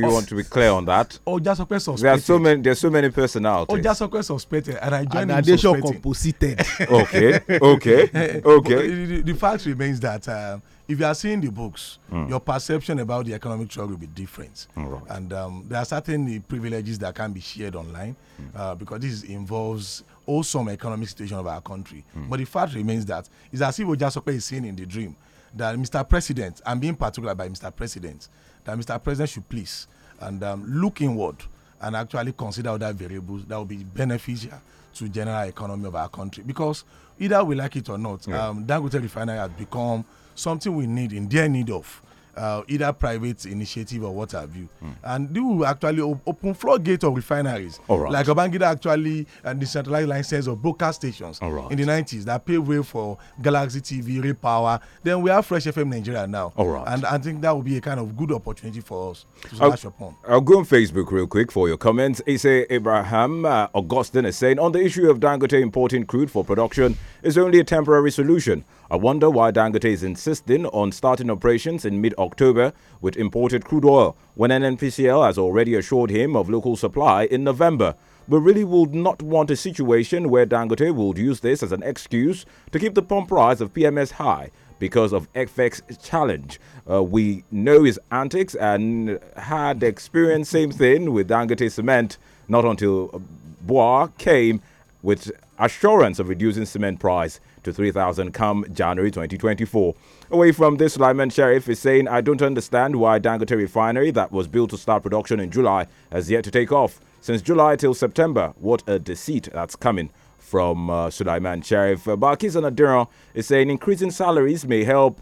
Do you oh, want to be clear on that? Oh, just okay suspected. There are so many. there are so many personalities. Oh, just okay suspected, and I joined. And him composited. okay, okay, okay. The, the, the, fact remains that um, if you are seeing the books, mm. your perception about the economic struggle will be different. Right. And um, there are certain privileges that can be shared online mm. uh, because this involves awesome economic situation of our country. Mm. But the fact remains that it's as if Ojasope is seen in the dream that Mr. President, and being particular by Mr. President, that Mr. President should please and um, look inward and actually consider other variables that will be beneficial to general economy of our country because either we like it or not yeah. um, dangote refinery has become something we need in dear need of uh, either private initiative or what have you. Mm. And they will actually op open floodgate of refineries. Right. Like Obangida actually uh, decentralized license of broadcast stations in the 90s that paved way for Galaxy TV, Repower. Then we have Fresh FM Nigeria now. And I think that will be a kind of good opportunity for us to splash upon. I'll go on Facebook real quick for your comments. Issa Abraham uh, Augustine is saying on the issue of Dangote importing crude for production is only a temporary solution. I wonder why Dangote is insisting on starting operations in mid-October with imported crude oil when NNPCL has already assured him of local supply in November but really would not want a situation where Dangote would use this as an excuse to keep the pump price of PMS high because of FX challenge. Uh, we know his antics and had experienced same thing with Dangote cement not until Bois came with assurance of reducing cement price to 3,000 come January 2024. Away from this, Lyman Sheriff is saying, I don't understand why Dangote Refinery, that was built to start production in July, has yet to take off. Since July till September, what a deceit that's coming from uh, Sulaiman Sheriff. Uh, Barkizan Adiron is saying increasing salaries may help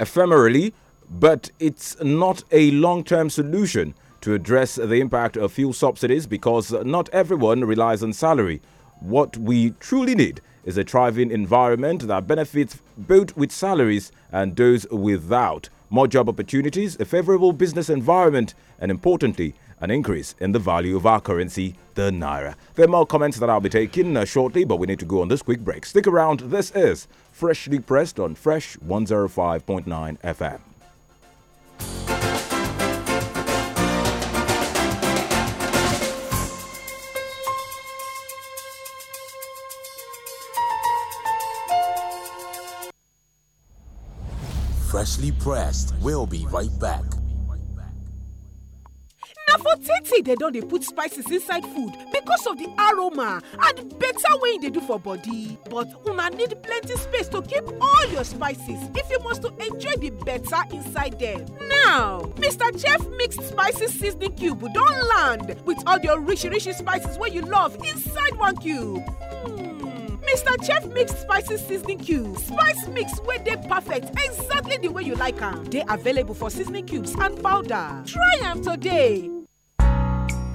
ephemerally, but it's not a long term solution to address the impact of fuel subsidies because not everyone relies on salary. What we truly need is a thriving environment that benefits both with salaries and those without, more job opportunities, a favorable business environment, and importantly, an increase in the value of our currency, the Naira. There are more comments that I'll be taking uh, shortly, but we need to go on this quick break. Stick around. This is Freshly Pressed on Fresh 105.9 FM. Freshly pressed. We'll be right back. Now for titi don't they put spices inside food because of the aroma and better way they do for body but una need plenty space to keep all your spices if you must to enjoy the better inside them. now mr chef mixed spices seasoning cube don land with all the orisirisi spices where you love inside one cube. Mm. mr chef mix spicy seasoning cubes spice mix where they perfect exactly the way you like am dey available for seasoning cubes and powder try am today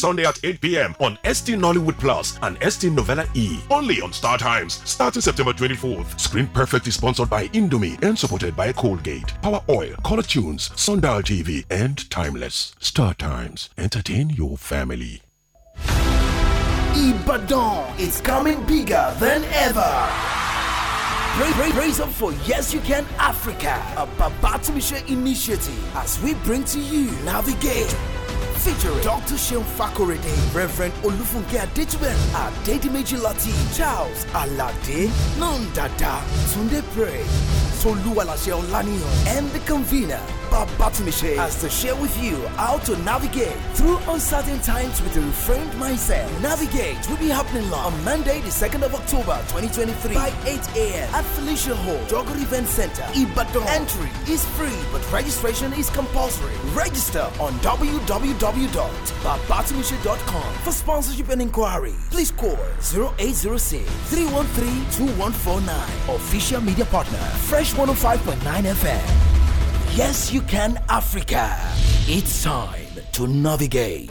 Sunday at 8 p.m. on ST Nollywood Plus and ST Novella E. Only on Star Times, starting September 24th. Screen Perfect is sponsored by Indomie and supported by Colgate, Power Oil, Color Tunes, Sundial TV, and Timeless. Star Times, entertain your family. Ibadan is coming bigger than ever. Pray, pray, praise up for Yes You Can Africa, a Babatimisha initiative as we bring to you Navigate featuring Dr. Shem Fakorede, Reverend Olufunke Adetuber, Adedimeji Lati, Charles Alade, Nandada, Sunday Pray, Soluwalase Olaniyan, and the convener, Babatunde as to share with you how to navigate through uncertain times with a reframed mindset. Navigate will be happening on Monday, the 2nd of October 2023 by 8 a.m. at Felicia Hall, Jogger Event Center, Ibadan. Entry is free, but registration is compulsory. Register on www www.babatsumisha.com for sponsorship and inquiry. Please call 0806 313 2149. Official media partner, Fresh 105.9 FM. Yes, you can, Africa. It's time to navigate.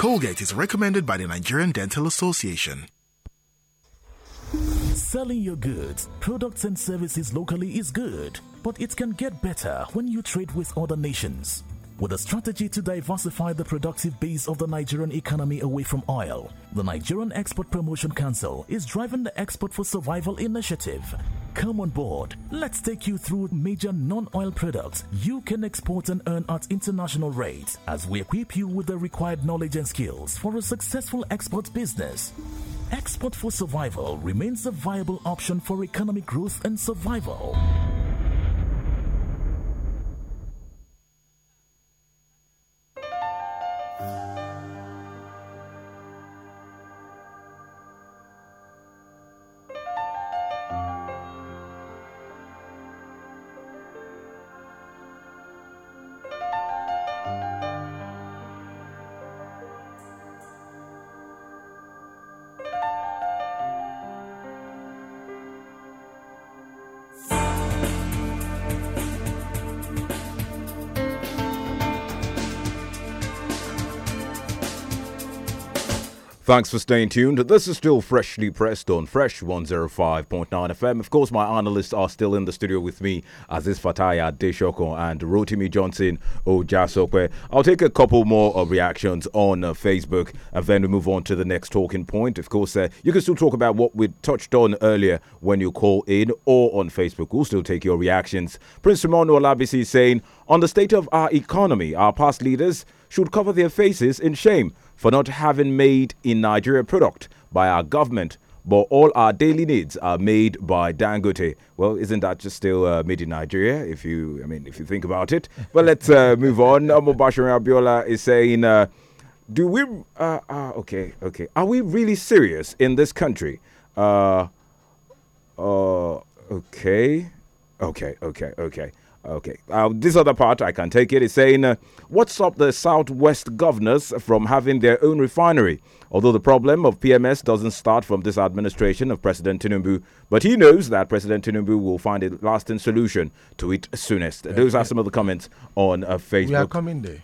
Colgate is recommended by the Nigerian Dental Association. Selling your goods, products, and services locally is good, but it can get better when you trade with other nations. With a strategy to diversify the productive base of the Nigerian economy away from oil, the Nigerian Export Promotion Council is driving the Export for Survival initiative. Come on board. Let's take you through major non oil products you can export and earn at international rates as we equip you with the required knowledge and skills for a successful export business. Export for Survival remains a viable option for economic growth and survival. Bye. Thanks for staying tuned. This is still freshly pressed on Fresh 105.9 FM. Of course, my analysts are still in the studio with me, Aziz Fataya Deshoko and Rotimi Johnson Ojasokwe. I'll take a couple more uh, reactions on uh, Facebook and then we move on to the next talking point. Of course, uh, you can still talk about what we touched on earlier when you call in or on Facebook. We'll still take your reactions. Prince Simon Olabisi saying, On the state of our economy, our past leaders should cover their faces in shame for not having made in Nigeria product by our government but all our daily needs are made by Dangote. Well, isn't that just still uh, made in Nigeria? If you, I mean, if you think about it. But let's uh, move on. Omobashir Abiola is saying, uh, "Do we? Uh, uh, okay, okay. Are we really serious in this country? Uh, okay, okay, okay, okay." Okay. Uh, this other part, I can take it. It's saying, uh, up the Southwest governors from having their own refinery? Although the problem of PMS doesn't start from this administration of President Tinubu, but he knows that President Tinubu will find a lasting solution to it soonest. Those are some of the comments on uh, Facebook. We are coming there.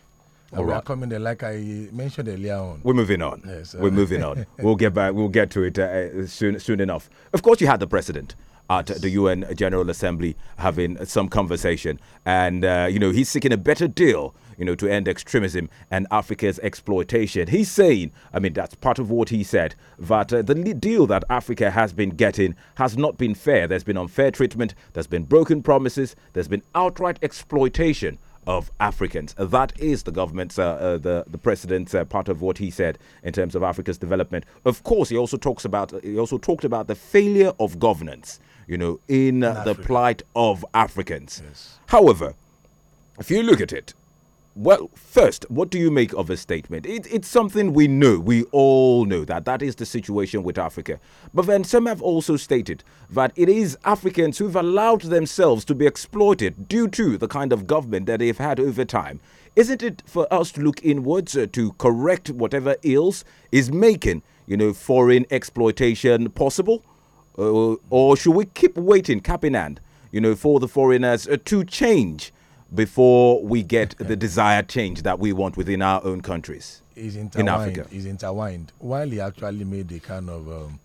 We are coming there, like I mentioned earlier on. We're moving on. Yes, We're uh, moving on. we'll get back. We'll get to it uh, soon, soon enough. Of course, you had the president at the UN General Assembly having some conversation. And, uh, you know, he's seeking a better deal you know, to end extremism and Africa's exploitation. He's saying, I mean, that's part of what he said, that uh, the deal that Africa has been getting has not been fair. There's been unfair treatment, there's been broken promises, there's been outright exploitation of Africans. That is the government's, uh, uh, the the president's uh, part of what he said in terms of Africa's development. Of course, he also talks about he also talked about the failure of governance you know, in, in the plight of Africans. Yes. However, if you look at it, well, first, what do you make of a statement? It, it's something we know, we all know that that is the situation with Africa. But then some have also stated that it is Africans who've allowed themselves to be exploited due to the kind of government that they've had over time. Isn't it for us to look inwards uh, to correct whatever ills is making, you know, foreign exploitation possible? Uh, or should we keep waiting, cap in hand, you know, for the foreigners uh, to change before we get the desired change that we want within our own countries? intertwined, in Africa. Is intertwined. While he actually made a kind of um,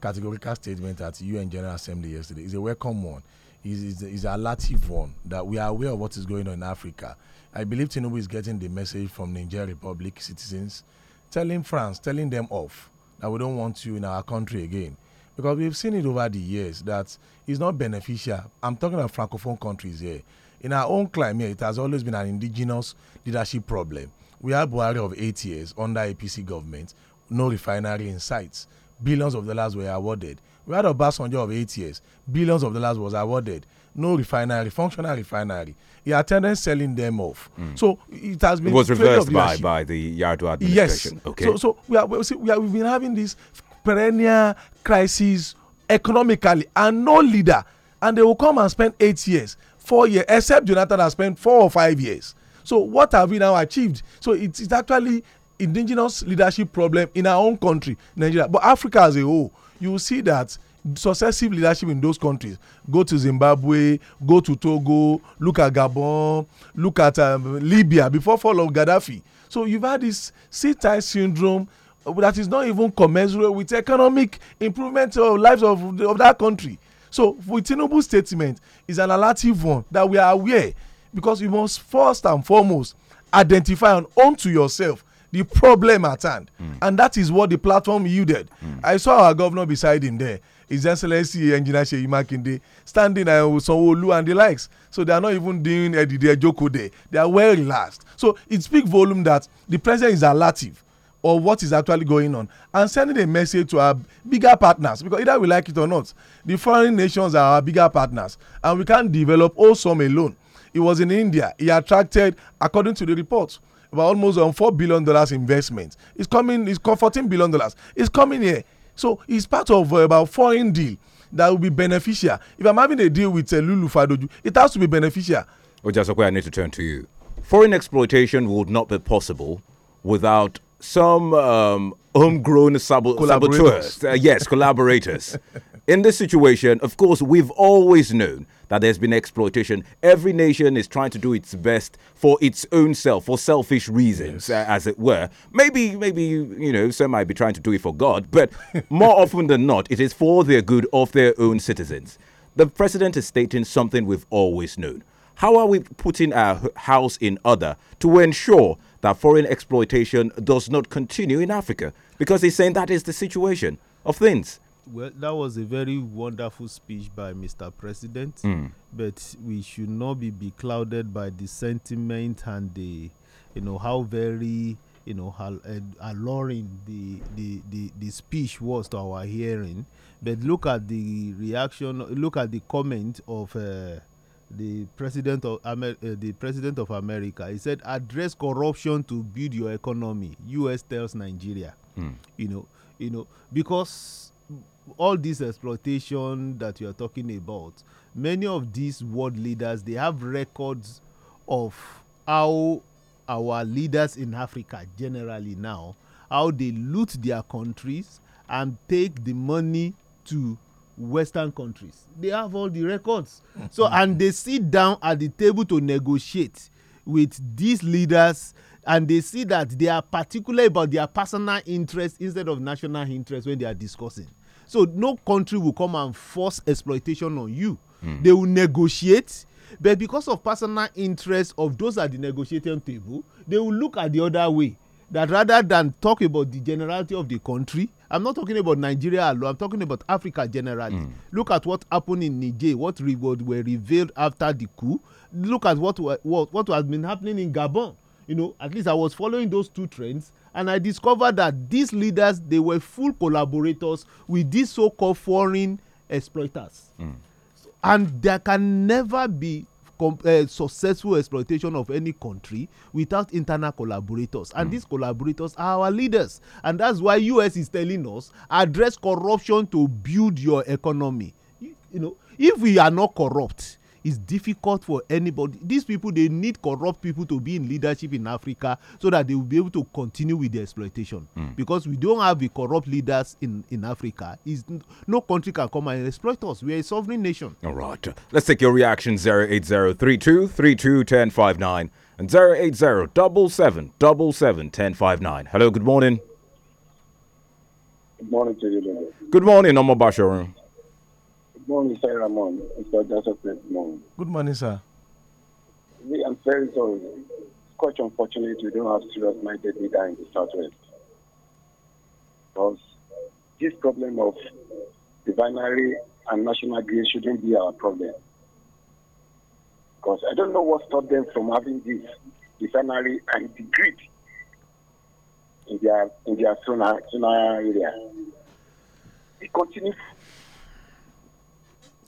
categorical statement at the UN General Assembly yesterday, it's a welcome one. Is is a lative one that we are aware of what is going on in Africa. I believe Tinubu is getting the message from Niger Republic citizens, telling France, telling them off that we don't want you in our country again because we've seen it over the years that it's not beneficial. I'm talking about francophone countries here. In our own climate, it has always been an indigenous leadership problem. We had Buhari of eight years under APC government, no refinery in sight. Billions of dollars were awarded. We had Obasanjo of eight years, billions of dollars was awarded. No refinery, functional refinery. He attended selling them off. Mm. So it has been. It was reversed by, by the Yardo administration. Yes. Okay. So, so we, are, we, see, we have been having this perennial crisis economically and no leader and they will come and spend eight years four years except jonathan has spent four or five years so what have we now achieved so it is actually indigenous leadership problem in our own country nigeria but africa as a whole you will see that successive leadership in those countries go to zimbabwe go to togo look at gabon look at um, libya before fall of gaddafi so you've had this sit tight syndrome that is not even commensurate with economic improvement of lives of, of that country. So with Tinubu's statement is an alertive one that we are aware because you must first and foremost identify and own to yourself the problem at hand. Mm. And that is what the platform yielded. Mm. I saw our governor beside him there, His Excellency Engineer Sheyi Makinde, standing uh, with Sanwo-Olu and the likes. So they are not even doing Edide eh, Joko there. They are well last. So it speaks volume that the president is alertive or what is actually going on and sending a message to our bigger partners because either we like it or not the foreign nations are our bigger partners and we can't develop osome alone he was in india he attracted according to the report about almost on four billion dollars investment it's coming it's fourteen billion dollars it's coming here so it's part of uh, about foreign deal that will be beneficial if i'm having a deal with uh, lulu fadoju it has to be beneficial. ojasope i need to turn to you foreign exploitation would not be possible without some um, homegrown sab- saboteurs. Uh, yes, collaborators. In this situation, of course, we've always known that there's been exploitation. Every nation is trying to do its best for its own self, for selfish reasons, yes. uh, as it were. Maybe, maybe you know, some might be trying to do it for God, but more often than not, it is for the good of their own citizens. The president is stating something we've always known. How are we putting our house in order to ensure that foreign exploitation does not continue in Africa because he's saying that is the situation of things. Well, that was a very wonderful speech by Mr. President, mm. but we should not be beclouded by the sentiment and the, you know, how very, you know, how eh, alluring the, the, the, the speech was to our hearing. But look at the reaction, look at the comment of. Uh, the president of Amer uh, the president of America. He said, "Address corruption to build your economy." U.S. tells Nigeria, mm. you know, you know, because all this exploitation that you are talking about, many of these world leaders they have records of how our leaders in Africa generally now how they loot their countries and take the money to western countries they have all the records so and they sit down at the table to negotiate with these leaders and they see that they are particular about their personal interest instead of national interest when they are discussing so no country will come and force exploitation on you mm. they will negotiate but because of personal interest of those at the negotiating table they will look at the other way that rather than talk about the generality of the country I'm not talking about Nigeria alone. I'm talking about Africa generally. Mm. Look at what happened in Niger. What reward were revealed after the coup. Look at what what what has been happening in Gabon. You know, at least I was following those two trends, and I discovered that these leaders they were full collaborators with these so-called foreign exploiters. Mm. And there can never be uh, successful exploitation of any country without internal collaborators and mm. these collaborators are our leaders and that's why us is telling us address corruption to build your economy you, you know if we are not corrupt it's difficult for anybody these people they need corrupt people to be in leadership in africa so that they will be able to continue with the exploitation mm. because we don't have the corrupt leaders in in africa is no country can come and exploit us we are a sovereign nation all right let's take your reaction Zero eight zero three two three two ten five nine and zero eight zero double seven double seven ten five nine. hello good morning good morning to you good morning Omar Basharun. Good morning, Sir Ramon. good morning. Good morning, sir. We, I'm very sorry. It's quite unfortunate we don't have serious minded leader in the Southwest. Because this problem of the binary and national grid shouldn't be our problem. Because I don't know what stopped them from having this, the binary and the grid in their in their Sona, area. It continues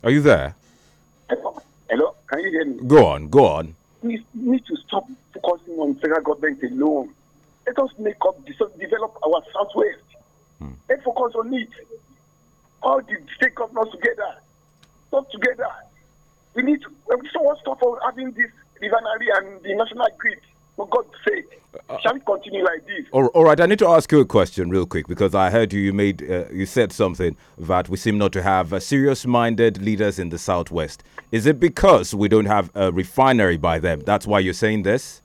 are you there? Hello? Can you hear me? Go on, go on. We need to stop focusing on federal government alone. Let us make up, develop our southwest. Hmm. Let's focus on it. All the state governors together, talk together. We need to, stop having this refinery and the national grid. For God's sake. Uh, shall we continue like this? all right, I need to ask you a question real quick because I heard you. You made uh, you said something that we seem not to have uh, serious-minded leaders in the southwest. Is it because we don't have a refinery by them? That's why you're saying this.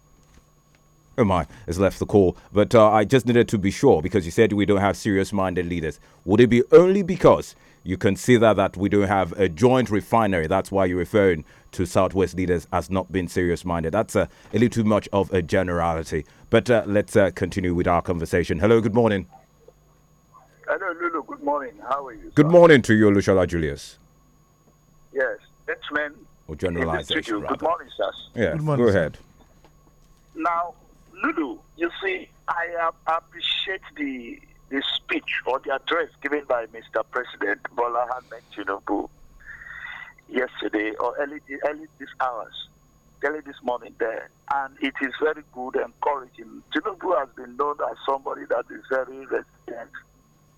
Oh my, has left the call, but uh, I just needed to be sure because you said we don't have serious-minded leaders. Would it be only because you consider that we don't have a joint refinery. That's why you're referring to Southwest leaders as not being serious minded. That's a, uh, a little too much of a generality. But uh, let's uh, continue with our conversation. Hello, good morning. Hello, Lulu. Good morning. How are you? Good morning to you, Lushala Julius. Yes, gentlemen. Or generalization. Good morning, sir. Yeah, good morning, go ahead. Now, Lulu, you see, I uh, appreciate the the speech or the address given by Mr. President Bola Ahmed Tinubu yesterday or early, early these hours, early this morning there. And it is very good, and encouraging. Tinubu has been known as somebody that is very resilient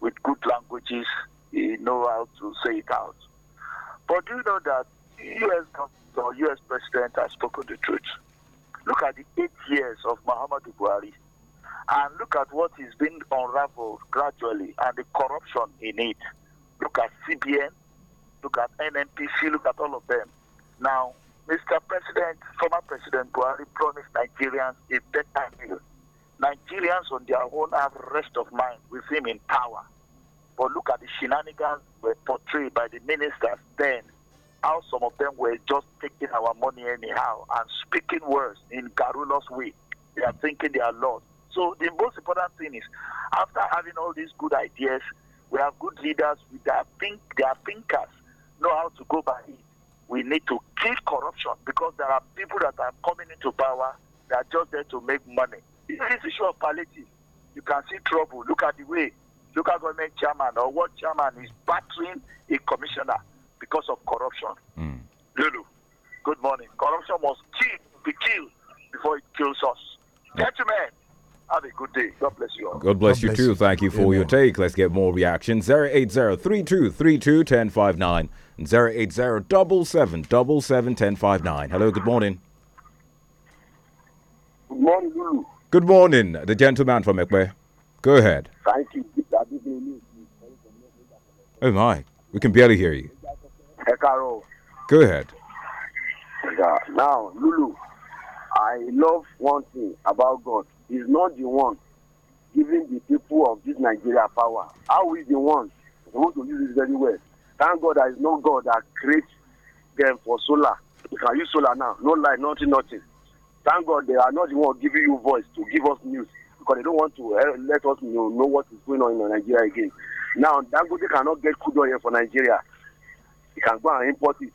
with good languages. He know how to say it out. But do you know that U.S. or U.S. president has spoken the truth? Look at the eight years of Muhammadu Buhari and look at what is being unraveled gradually and the corruption in it. Look at CBN, look at NNPC, look at all of them. Now, Mr. President, former President Buhari promised Nigerians a better deal. Nigerians on their own have rest of mind with him in power. But look at the shenanigans were portrayed by the ministers then, how some of them were just taking our money anyhow and speaking words in garrulous way. They are thinking they are lost. So the most important thing is, after having all these good ideas, we have good leaders we have think, are thinkers know how to go by it. We need to kill corruption because there are people that are coming into power that are just there to make money. This issue of palliative, you can see trouble. Look at the way local government chairman or what chairman is battering a commissioner because of corruption. Mm. Lulu, good morning. Corruption must kill, be killed before it kills us. Gentlemen, have a good day. God bless you all. God bless God you bless too. You. Thank you for Amen. your take. Let's get more reactions. 080-3232-1059 080-777-1059. Hello, good morning. Good morning, Lulu. Good morning, the gentleman from Ekwe. Go ahead. Thank you. Oh my, we can barely hear you. Go ahead. Now, Lulu, I love one thing about God is not the one giving the people of this Nigeria power. How is the one who to use it very well? Thank God there is no God that creates them for solar. You can use solar now. No light, nothing, nothing. Thank God they are not the one giving you voice to give us news because they don't want to eh, let us know, know what is going on in Nigeria again. Now, Dangote cannot get crude oil for Nigeria. He can go and import it.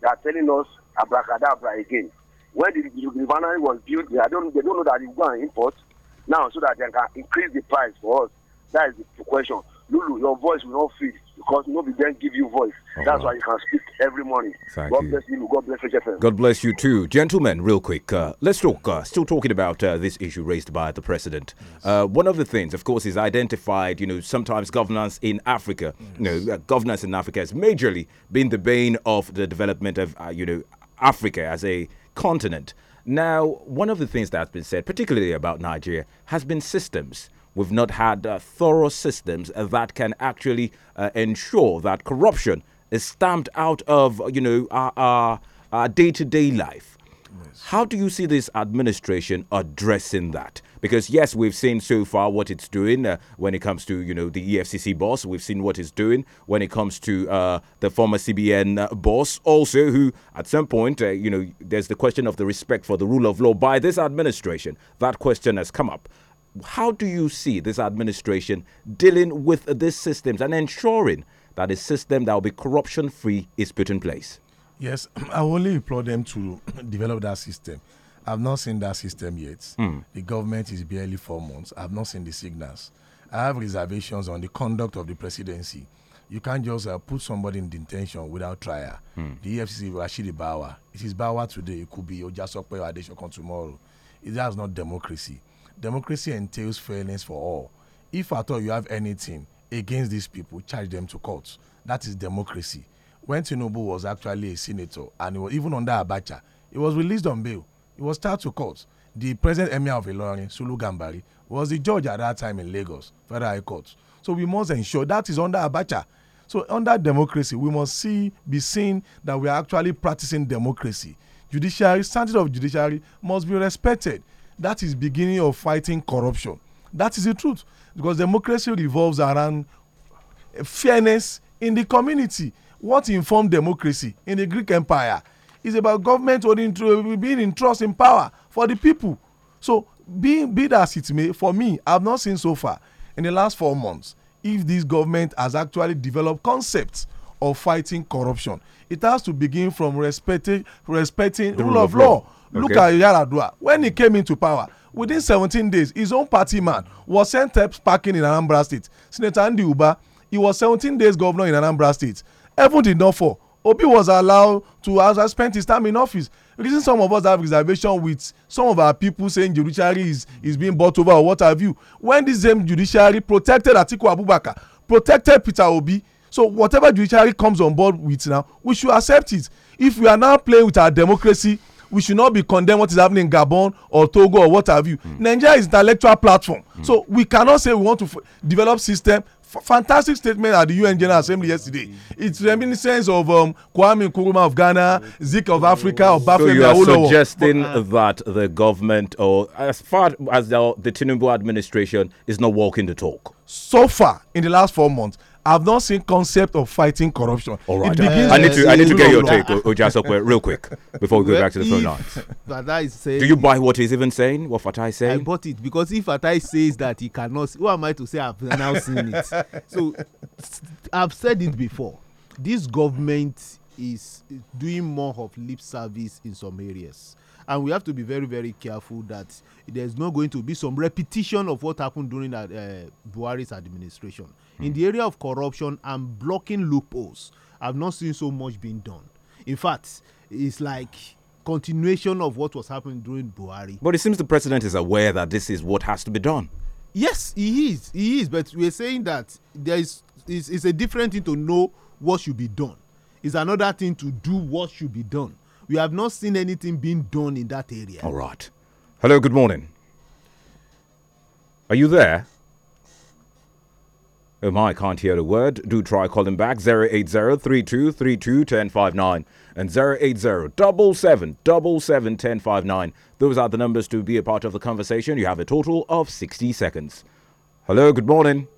They are telling us abracadabra again. When the, the refinery was built, they don't, they don't know that you go and import now so that they can increase the price for us. That is the question. Lulu, your voice will not fit because nobody then give you voice. That's oh. why you can speak every morning. Thank God you. bless you. God bless you, God bless you too, gentlemen. Real quick, uh, let's talk. Uh, still talking about uh, this issue raised by the president. Yes. Uh, one of the things, of course, is identified. You know, sometimes governance in Africa, yes. you know, uh, governance in Africa has majorly been the bane of the development of uh, you know Africa as a continent. Now, one of the things that's been said, particularly about Nigeria, has been systems. We've not had uh, thorough systems that can actually uh, ensure that corruption is stamped out of you know our, our day-to-day life. How do you see this administration addressing that? Because yes, we've seen so far what it's doing uh, when it comes to you know the EFCC boss. We've seen what it's doing when it comes to uh, the former CBN uh, boss, also who at some point uh, you know there's the question of the respect for the rule of law by this administration. That question has come up. How do you see this administration dealing with these systems and ensuring that a system that will be corruption free is put in place? Yes, I only implore them to develop that system. I've not seen that system yet. Mm. The government is barely four months. I've not seen the signals. I have reservations on the conduct of the presidency. You can't just uh, put somebody in detention without trial. Mm. The EFCC will actually Bawa. It is Bawa today. It could be Ojasope or Adeshokon tomorrow. It, that's not democracy. Democracy entails fairness for all. If at all you have anything against these people, charge them to court. That is democracy when Tinubu was actually a senator and was, even under Abacha, he was released on bail. He was charged to court. The present emir of Ilorin, Sulu Gambari, was the judge at that time in Lagos, Federal High Court. So we must ensure that is under Abacha. So under democracy, we must see be seen that we are actually practicing democracy. Judiciary, standard of judiciary must be respected. That is beginning of fighting corruption. That is the truth because democracy revolves around fairness in the community what informed democracy in the Greek Empire is about government holding being in trust in power for the people. So be, be that as it may, for me, I've not seen so far in the last four months if this government has actually developed concepts of fighting corruption. It has to begin from respecting respecting the rule, of, of law. law. Okay. Look at Yaradua. When he came into power, within 17 days, his own party man was sent up sparking in Anambra State. Senator Andy Uba, he was 17 days governor in Anambra State heaven did not fall obi was allowed to as i spent his time in office reason some of us have reservation with some of our people saying judiciary is is being bought over or what have you when this same judiciary protected atiku abubakar protected peter obi so whatever judiciary comes on board with now we should accept it if we are now playing with our democracy we should not be condemn what is happening in gabon or togo or what have you mm. nigeria is intellectual platform mm. so we cannot say we want to develop system fantastic statement at the UN General Assembly yesterday. It's reminiscence of um, Kwame Nkrumah of Ghana, Zeke of Africa, of Bafemi So you are suggesting but, uh, that the government, or as far as the, the Tinubu administration, is not walking the talk. So far, in the last four months, I've not seen concept of fighting corruption. All right, I need to I need to get your take, Ojasope, real quick before we go back to the phone lines. Fatai is saying, do you buy what he's even saying? What Fatai is saying? I bought it because if Fatai says that he cannot, who am I to say I've now seen it? So I've said it before. This government is doing more of lip service in some areas and we have to be very very careful that there's not going to be some repetition of what happened during uh, buhari's administration mm. in hmm. the area of corruption and blocking loopholes i've not seen so much being done in fact it's like continuation of what was happening during buhari but it seems the president is aware that this is what has to be done yes he is he is but we're saying that there is it's a different thing to know what should be done it's another thing to do what should be done we have not seen anything being done in that area. All right. Hello, good morning. Are you there? Oh I can't hear a word. Do try calling back 080-3232-1059 and 080-777-1059. Those are the numbers to be a part of the conversation. You have a total of 60 seconds. Hello, good morning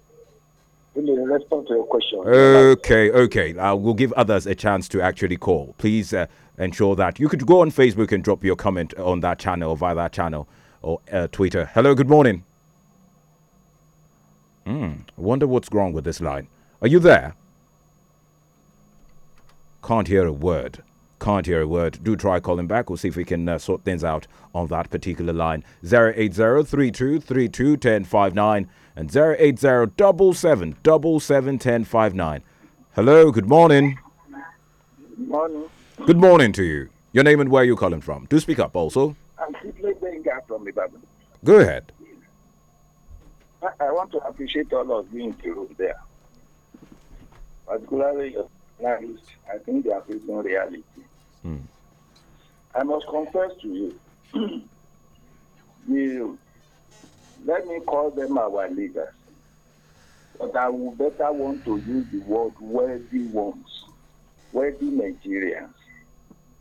in response to your question. Okay, okay. Uh, we'll give others a chance to actually call. Please uh, ensure that you could go on Facebook and drop your comment on that channel via that channel or uh, Twitter. Hello, good morning. Hmm. I wonder what's wrong with this line. Are you there? Can't hear a word. Can't hear a word. Do try calling back. We'll see if we can uh, sort things out on that particular line. 080 3232 and 80 7777 Hello, good morning. Good morning. Good morning to you. Your name and where you're calling from. Do speak up also. I'm simply Go ahead. I, want to appreciate all of you in the room there. Particularly your analysts, I think they are facing reality. Mm. I must confess to you, the Let me call them our leaders. But I would better want to use the word worthy ones, worthy Nigerians.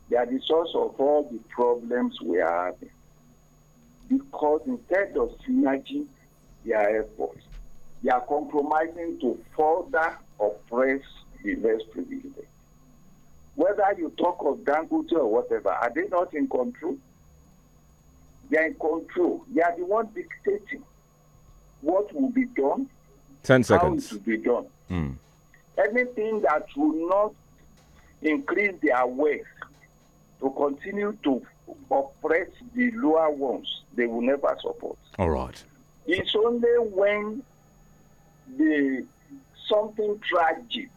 They are the source of all the problems we are having. Because instead of synergy, they are efforts. They are compromising to further oppress the less privileged. Whether you talk of Dangote or whatever, are they not in control? They are in control. They are the one dictating what will be done. Ten seconds. How it will be done. Mm. Anything that will not increase their wealth to continue to oppress the lower ones, they will never support. All right. It's only when the something tragic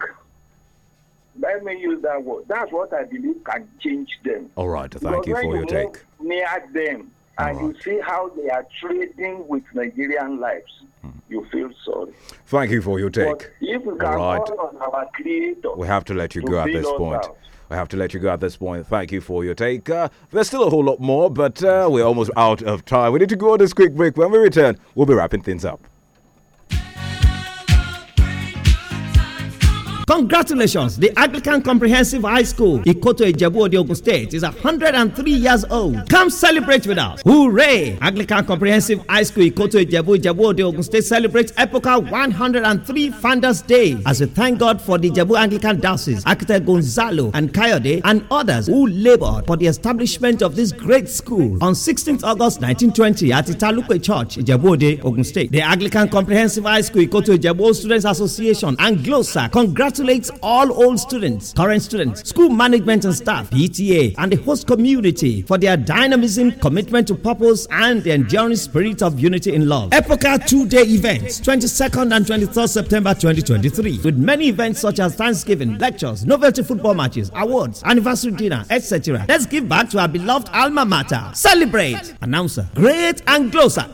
let me use that word. That's what I believe can change them. All right, thank because you for your take. Near them, and you see how they are trading with Nigerian lives, mm. you feel sorry. Thank you for your take. But if we can All right. on our creator, we have to let you to go at this point. Out. I have to let you go at this point. Thank you for your take. Uh, there's still a whole lot more, but uh, we're almost out of time. We need to go on this quick break. When we return, we'll be wrapping things up. Congratulations! The Anglican Comprehensive High School, Ikoto Ejebu Ode Ogun State, is 103 years old. Come celebrate with us. Hooray! Anglican Comprehensive High School, Ikoto Ejebu Ejebu Ode Ogun State celebrates Epoca 103 Founders Day as we thank God for the Jabu Anglican Diocese, architect Gonzalo and Coyote, and others who labored for the establishment of this great school on 16th August 1920 at Italukwe Church, Ijebu Ode, Ogun State. The Anglican Comprehensive High School, Ikoto Ejebu Students Association, and GLOSA, congratulations congratulates all old students, current students, school management and staff, PTA, and the host community for their dynamism, commitment to purpose, and the enduring spirit of unity in love. Epoca two day events, 22nd and 23rd September 2023, with many events such as Thanksgiving, lectures, novelty football matches, awards, anniversary dinner, etc. Let's give back to our beloved alma mater. Celebrate! Announcer, great and closer.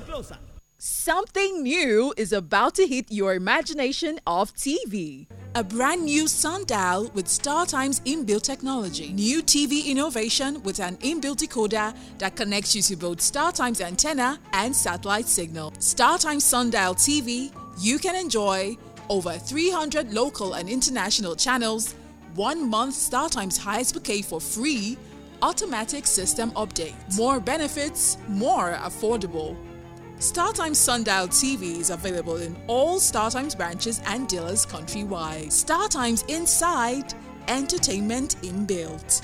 Something new is about to hit your imagination of TV. A brand new sundial with StarTime's inbuilt technology. New TV innovation with an inbuilt decoder that connects you to both StarTime's antenna and satellite signal. StarTime Sundial TV, you can enjoy over 300 local and international channels, one month StarTime's highest bouquet for free, automatic system update. More benefits, more affordable. StarTimes Sundial TV is available in all StarTimes branches and dealers countrywide. StarTimes Inside, entertainment inbuilt.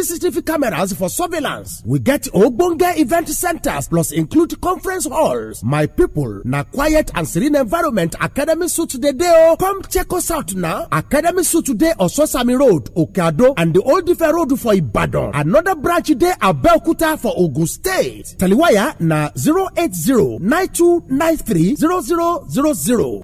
CCTV cameras for surveillance. We get ogbonge event centers plus include conference halls. My people, na quiet and serene environment Academy Suit today. dey o. Come check us out now. Academy Suit dey Ososami Road, Okeado and the Old Ife Road for Ibadan. Another branch dey Abeokuta for Ogun State. Taliwaya na 080 9293 0000.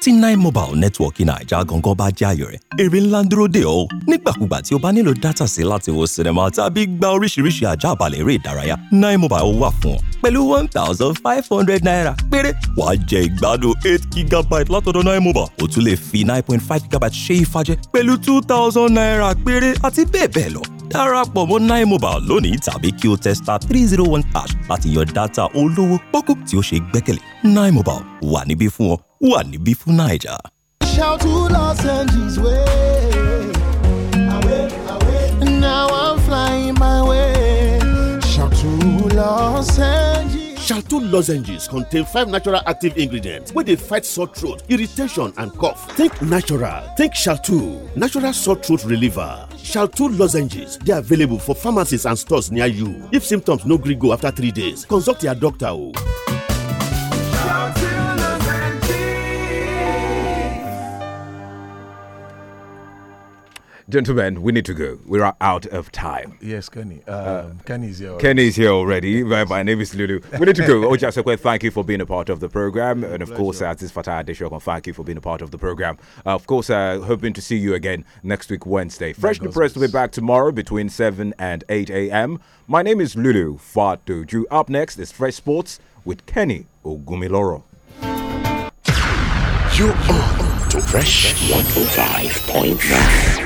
Tinai mobile network naija gangan bá jáyọ rẹ èrè ńlá ń dúró dè ọ́ nígbàkúgbà tí o bá nílò dátà sí láti wo sinimá tàbí gba oríṣiríṣi àjàbalẹ̀ eré ìdárayá nine mobile wà fún ọ pẹ̀lú one thousand five hundred naira péré wàá jẹ ìgbádùn eight gigabyte látọ̀dọ̀ nine mobile o tún lè fi nine point five gigabyte ṣe ìfàjẹ pẹ̀lú two thousand naira péré àti bẹ́ẹ̀ bẹ́ẹ̀ lọ darapọ̀ mọ́ nine mobile lónìí tàbí kí o tẹ star three zero one hash láti yan dátà olówó pọ́kú tí o ṣe gbẹ́kẹ̀lé nine mobile wà níbí fún ọ wà níbí fún naija. Shalto lozenges contain five natural active ingredients where they fight sore throat, irritation, and cough. Think natural. Think Shalto. Natural sore throat reliever. Shalto lozenges. They are available for pharmacies and stores near you. If symptoms no gree go after three days, consult your doctor. Oh. Gentlemen, we need to go. We're out of time. Yes, Kenny. Um, uh, Kenny is here already. Kenny is here already. My name is Lulu. We need to go. Ojasekwe, thank you for being a part of the program. and of pleasure. course, uh, as this Fatah Adeshokon, thank you for being a part of the program. Uh, of course, uh, hoping to see you again next week, Wednesday. Fresh Press will be back tomorrow between 7 and 8 a.m. My name is Lulu Drew. Up next is Fresh Sports with Kenny Ogumiloro. You are on to Fresh 105.9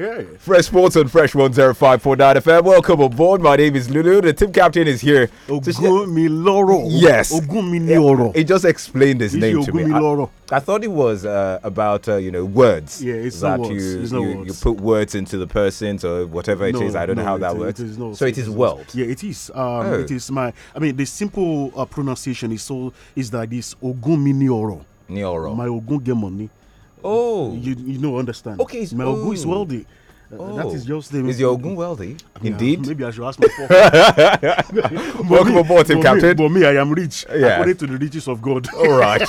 Okay. Fresh Sports on Fresh 105.9 FM. Welcome aboard. My name is Lulu. The team captain is here. Ogumiloro. Yes. Ogumiloro. He just explained his name to me. I, I, thought it was uh, about, uh, you know, words. Yeah, it's that you, words. You, you, words. you, put words into the person or whatever it no, is. I don't no, know how that it, works. no, so it is world. Yeah, it is. Um, oh. It is my, I mean, the simple uh, pronunciation is so is that it's Ogumiloro. Nioro. My Ogun get money. Oh, you you know understand. Okay, it's, Melgu oh. is wealthy. Oh, that is just oh. the. Is your Ogun wealthy? I Indeed. maybe I should ask my Welcome aboard, team captain. For me, I am rich. Yeah. According to the riches of God. All right.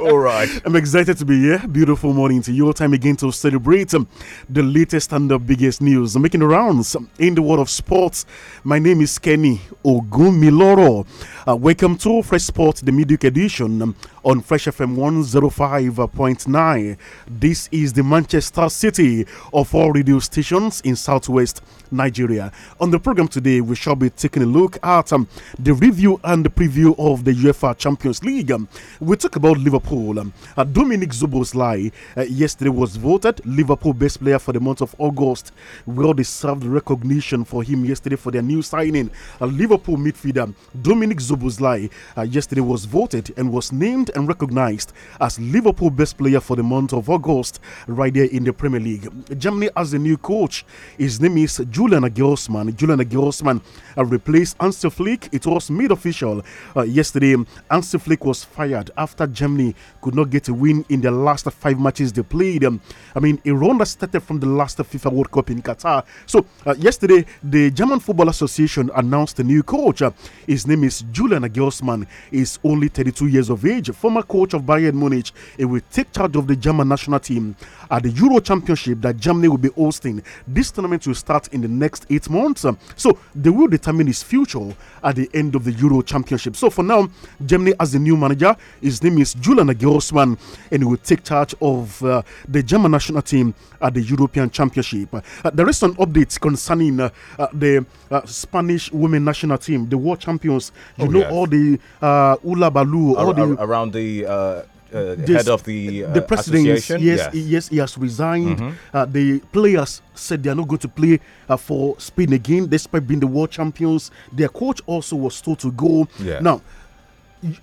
All right. I'm excited to be here. Beautiful morning to your time again to celebrate um, the latest and the biggest news I'm making the rounds um, in the world of sports. My name is Kenny Ogumiloro. Uh, welcome to Fresh Sports, the midweek edition um, on Fresh FM 105.9. This is the Manchester City of all radio stations in southwest Nigeria. On the program today, we shall be taking a look at um, the review and the preview of the UEFA Champions League. Um, we talk about Liverpool. Um, uh, Dominic Zoboslai uh, yesterday was voted Liverpool best player for the month of August. Well deserved recognition for him yesterday for their new signing. Uh, Liverpool midfielder Dominic Zoboslai uh, yesterday was voted and was named and recognized as Liverpool best player for the month of August right there in the Premier League. Germany has a new coach. His name is Julian Grossman. Julian Grossman uh, replaced Ansi Flick. It was made official uh, yesterday. Ansi Flick was fired after Germany could not get a win in the last five matches they played. Um, I mean, a run that started from the last FIFA World Cup in Qatar. So, uh, yesterday, the German Football Association announced a new coach. Uh, his name is Julian Grossman. He's only 32 years of age, former coach of Bayern Munich. He will take charge of the German national team at the Euro Championship that Germany will be hosting. This tournament will start in the the next eight months. Um, so they will determine his future at the end of the Euro Championship. So for now, Germany has the new manager. His name is Julian Nagelsmann, and he will take charge of uh, the German national team at the European Championship. Uh, there is an update concerning uh, uh the uh, Spanish women national team, the world champions. You oh, know yes. all the uh, ulabalu, all Ar the around the uh, uh, this, head of the uh, the president. Yes, yes, yes, he has resigned. Mm -hmm. uh, the players said they are not going to play uh, for Spain again, despite being the world champions. Their coach also was told to go. Yeah. Now.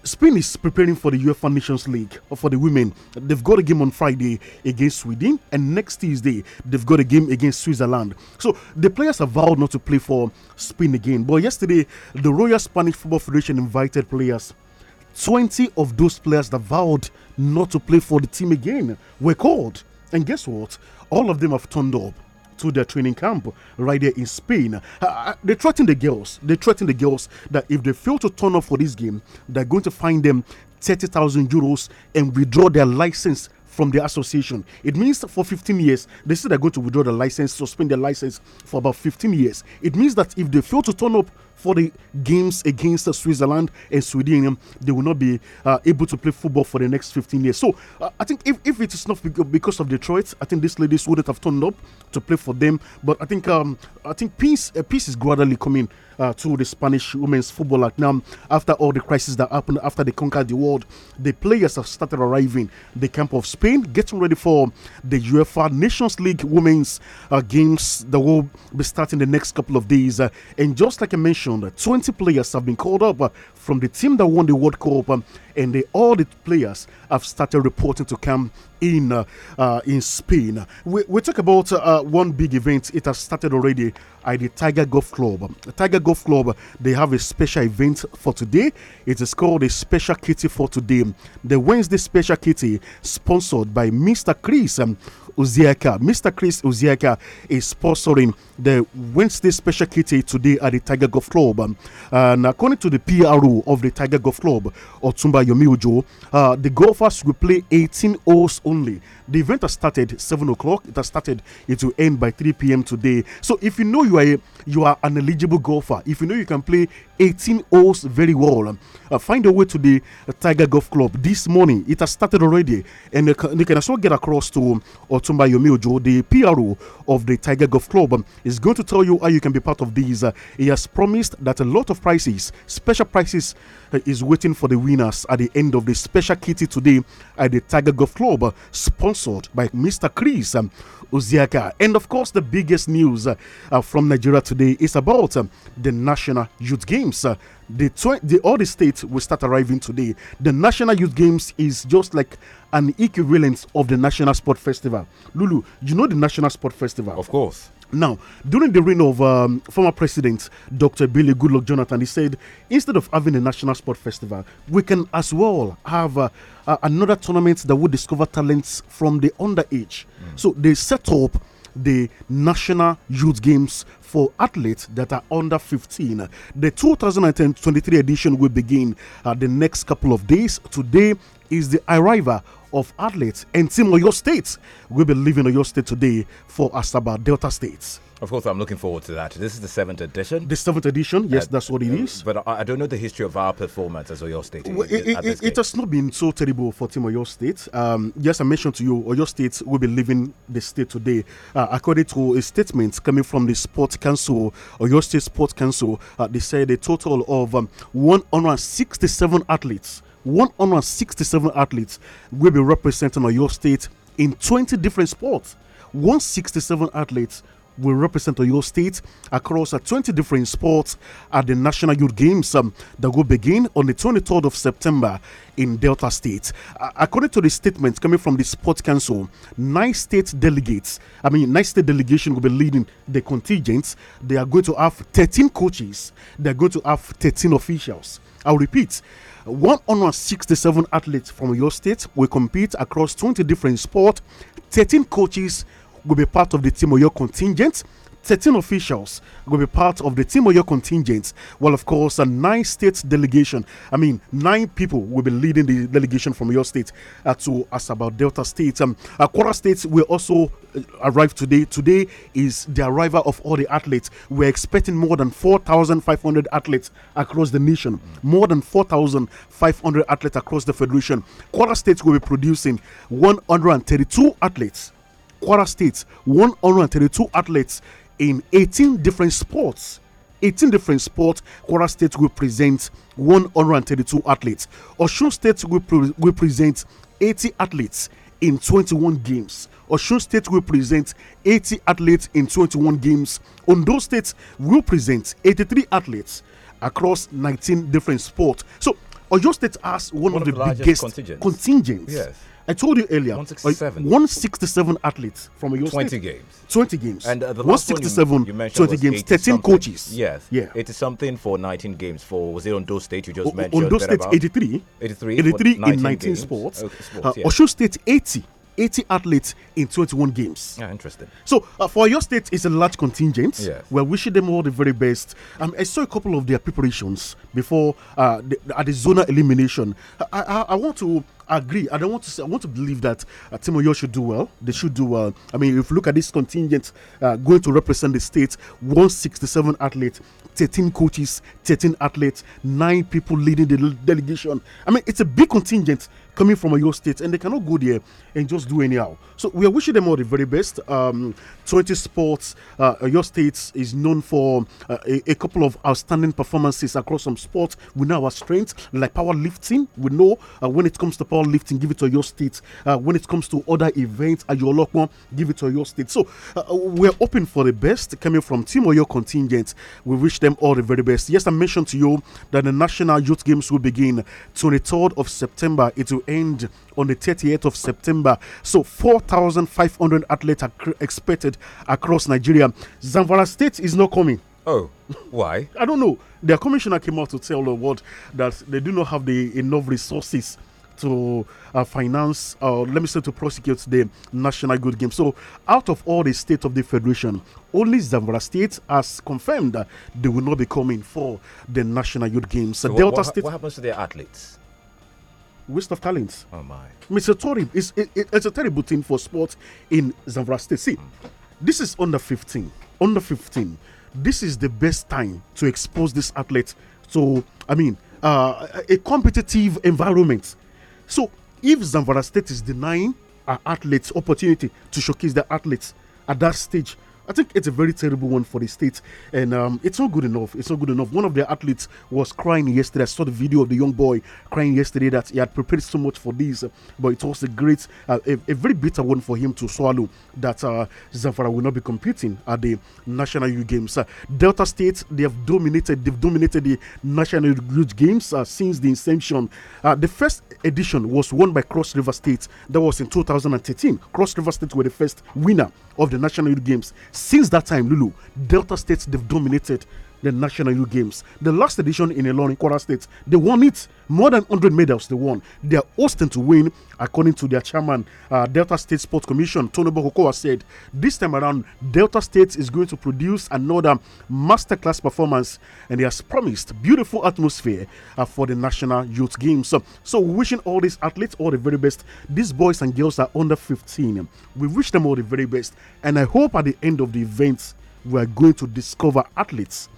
Spain is preparing for the UEFA Nations League uh, for the women. They've got a game on Friday against Sweden, and next Tuesday they've got a game against Switzerland. So the players have vowed not to play for Spain again. But yesterday, the Royal Spanish Football Federation invited players 20 of those players that vowed not to play for the team again were called. And guess what? All of them have turned up to their training camp right there in Spain. Uh, uh they threatening the girls. They threatening the girls that if they fail to turn up for this game, they're going to find them 30,000 euros and withdraw their license from the association. It means for 15 years, they said they're going to withdraw the license, suspend the license for about 15 years. It means that if they fail to turn up for the games against Switzerland and Sweden, they will not be uh, able to play football for the next 15 years. So uh, I think if, if it is not because of Detroit, I think these ladies wouldn't have turned up to play for them. But I think um, I think peace uh, peace is gradually coming to the Spanish women's football. Like now, after all the crises that happened after they conquered the world, the players have started arriving. The camp of Spain getting ready for the UEFA Nations League women's uh, games that will be starting the next couple of days. Uh, and just like I mentioned. 20 players have been called up uh, from the team that won the World Cup, um, and they, all the players have started reporting to camp in uh, uh, in Spain. We, we talk about uh, uh one big event. It has started already at the Tiger Golf Club. The Tiger Golf Club they have a special event for today. It is called a special kitty for today. The Wednesday special kitty sponsored by Mr. Chris. Um, Uziaka. Mr. Chris Uziaka is sponsoring the Wednesday Special Kitty today at the Tiger Golf Club. Um, and according to the PRO of the Tiger Golf Club, Otumba Yomiujo, uh, the golfers will play 18 holes only. The event has started 7 o'clock. It has started, it will end by 3 p.m. today. So if you know you are a, you are an eligible golfer, if you know you can play 18 holes very well, um, uh, find a way to the Tiger Golf Club this morning. It has started already, and you can, you can also get across to um, Otumba Yomiojo, the PRO of the Tiger Golf Club, is going to tell you how you can be part of these. he has promised that a lot of prizes, special prizes, uh, is waiting for the winners at the end of the special kitty today at the Tiger Golf Club, sponsored by Mr. Chris um, Uziaka. And of course, the biggest news uh, from Nigeria today is about um, the National Youth Games. Uh, the, the all the states will start arriving today. The National Youth Games is just like an equivalent of the National Sport Festival. Lulu, you know the National Sport Festival? Of course. Now, during the reign of um, former President Dr. Billy Goodluck Jonathan, he said, instead of having a national sport festival, we can as well have uh, uh, another tournament that would discover talents from the underage. Mm. So they set up the National Youth Games for athletes that are under 15. The 2023 edition will begin uh, the next couple of days. Today is the arrival of athletes, and Team Oyo State will be leaving Oyo State today for Asaba Delta States. Of course, I'm looking forward to that. This is the seventh edition. The seventh edition, yes, uh, that's what it uh, is. But I, I, don't know the history of our performance as Oyo State. Well, it, it, it, it has not been so terrible for Team Oyo State. Um, yes, I mentioned to you, Oyo State will be leaving the state today. Uh, according to a statement coming from the Sports Council, Oyo State Sports Council, uh, they said a total of um, 167 athletes. 167 athletes will be representing Oyo State in 20 different sports. 167 athletes will represent your State across uh, 20 different sports at the National Youth Games um, that will begin on the 23rd of September in Delta State. Uh, according to the statement coming from the Sports Council, nine state delegates, I mean, nine state delegation will be leading the contingents. They are going to have 13 coaches, they're going to have 13 officials. I'll repeat. 167 athletes from your state will compete across 20 different sports, 13 coaches, will be part of the Team Oyo contingent. 13 officials will be part of the Team Oyo contingent. Well, of course, a nine state delegation, I mean, nine people will be leading the delegation from your state uh, to about Delta State. Um, uh, Quora State will also uh, arrive today. Today is the arrival of all the athletes. We're expecting more than 4,500 athletes across the nation, more than 4,500 athletes across the federation. Quora State will be producing 132 athletes Kwara State 132 athletes in 18 different sports. 18 different sports, Kwara State will present 132 athletes. Oshun State will, pre will present 80 athletes in 21 games. Oshun State will present 80 athletes in 21 games. Ondo State will present 83 athletes across 19 different sports. So Oyo State has one, one of, of, the, biggest contingents. contingents. Yes. I told you earlier. 167. Uh, 167 athletes from your 20 state. games. 20 games. And uh, the 167, you, you 20 games, 13 something. coaches. Yes. Yeah. It is something for 19 games for, was it on those State you just o mentioned? Ondo State, 83. 83. 83 19 in 19 games. sports. uh, Osho State, 80. 80 athletes in 21 games. Yeah, interesting. So, uh, for your state, it's a large contingent. Yes. We're wishing them all the very best. Um, I saw a couple of their preparations before uh, the, at the zona elimination. I, I, I, want to I agree. I don't want to say. I want to believe that uh, Timoyo should do well. They should do well. I mean, if you look at this contingent uh, going to represent the state, 167 athletes, 13 coaches, 13 athletes, nine people leading the delegation. I mean, it's a big contingent coming from your State, and they cannot go there and just do anyhow. So we are wishing them all the very best. Um, 20 Sports, uh, State is known for uh, a, a, couple of outstanding performances across some sports. We know our strengths, like powerlifting. We know uh, when it comes to powerlifting, give it to your State. Uh, when it comes to other events, one, give it to your State. So uh, we're hoping for the best coming from Team Oyo contingent. We wish them all the very best. Yes, I mentioned to you that the National Youth Games will begin 23rd of September. It will end on the 30th of September. So 4,500 athletes are expected across Nigeria. Zamfara State is not coming. Oh, why? I don't know. Their commissioner came out to tell the world that they do not have the enough resources to uh, finance, uh, let me say, to prosecute the national good game. So, out of all the state of the federation, only Zamfara State has confirmed that they will not be coming for the national youth games. So Delta what, what State. What happens to their athletes? waste of talents. Oh my. Mr. Torib, it's, it, it's a terrible thing for sports in Zamvra State. See, this is under 15. Under 15. This is the best time to expose this athlete to, I mean, uh, a competitive environment. So if Zamvra State is denying our athletes opportunity to showcase their athletes at that stage, I think it's a very terrible one for the state, and um, it's not good enough. It's not good enough. One of their athletes was crying yesterday. I saw the video of the young boy crying yesterday that he had prepared so much for this, but it was a great, uh, a, a, very bitter one for him to swallow that uh, Zamfara will not be competing at the National Youth Games. Uh, Delta State they have dominated. They've dominated the National Youth Games uh, since the inception. Uh, the first edition was won by Cross River State. That was in 2013. Cross River State were the first winner of the National Youth Games. Since that time, Lulu, Delta states they've dominated the National Youth Games. The last edition in Elon in Kwara State, they won it. More than 100 medals they won. They are hosting to win, according to their chairman, uh, Delta State Sports Commission, Tony Bokokoa said. This time around, Delta State is going to produce another masterclass performance, and they has promised beautiful atmosphere uh, for the National Youth Games. So, so, wishing all these athletes all the very best. These boys and girls are under 15. We wish them all the very best, and I hope at the end of the event, we are going to discover athletes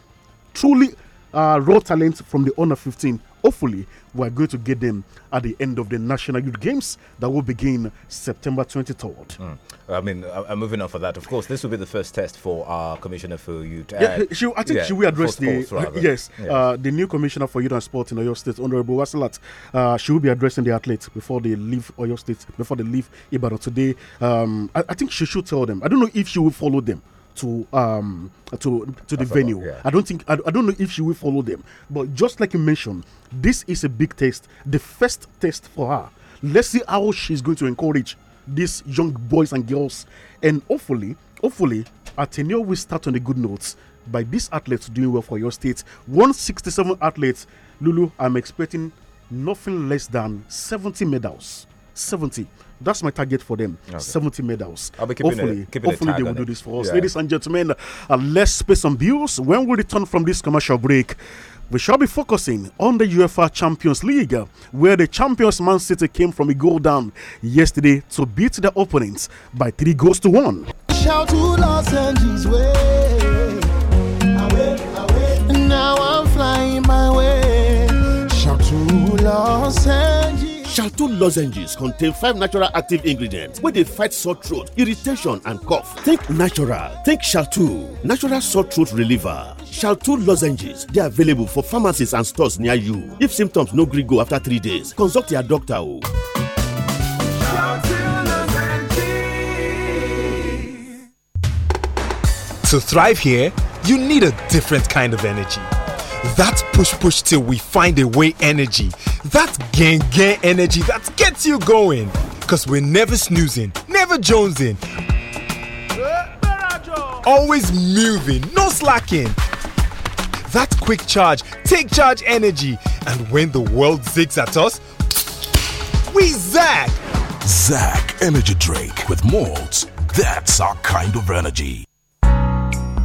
truly uh, raw talent from the under 15. Hopefully, we are going to get them at the end of the National Youth Games that will begin September 23rd. Mm. I mean, I'm uh, uh, moving on for that. Of course, this will be the first test for our Commissioner for Youth. yeah, uh, she, I think yeah, she will address the sports, yes, yes. Uh, the new Commissioner for Youth and Sport in Oyo State, Honorable Wasalat. Uh, she will be addressing the athletes before they leave Oyo State, before they leave Ibadan today. Um, I, I think she should tell them. I don't know if she will follow them to um to to the venue. yeah. I don't think I, I don't know if she will follow them, but just like you mentioned, this is a big test, the first test for her. Let's see how she's going to encourage these young boys and girls, and hopefully, hopefully, our tenure will start on a good note by these athletes doing well for your state. 167 athletes, Lulu. I'm expecting nothing less than 70 medals. 70 that's my target for them. Okay. 70 medals. hopefully, it, hopefully they will do this for us. Yeah. Ladies and gentlemen, uh, let's pay some bills. When we return from this commercial break, we shall be focusing on the UEFA Champions League, where the champions Man City came from a goal down yesterday to beat their opponents by three goals to one. Shout to Los Angeles way. Now I'm flying my way. Shout to Los Angeles. Shalto lozenges contain five natural active ingredients where they fight sore throat, irritation and cough. Think natural, think Shalto, natural sore throat reliever. Shalto lozenges They are available for pharmacies and stores near you. If symptoms no gree go after three days, consult your doctor To thrive here, you need a different kind of energy that push push till we find a way energy. That gang gang energy that gets you going. Cause we're never snoozing, never jonesing. Always moving, no slacking. That quick charge, take charge energy. And when the world zigs at us, we zag. Zag Energy Drake with malts. That's our kind of energy.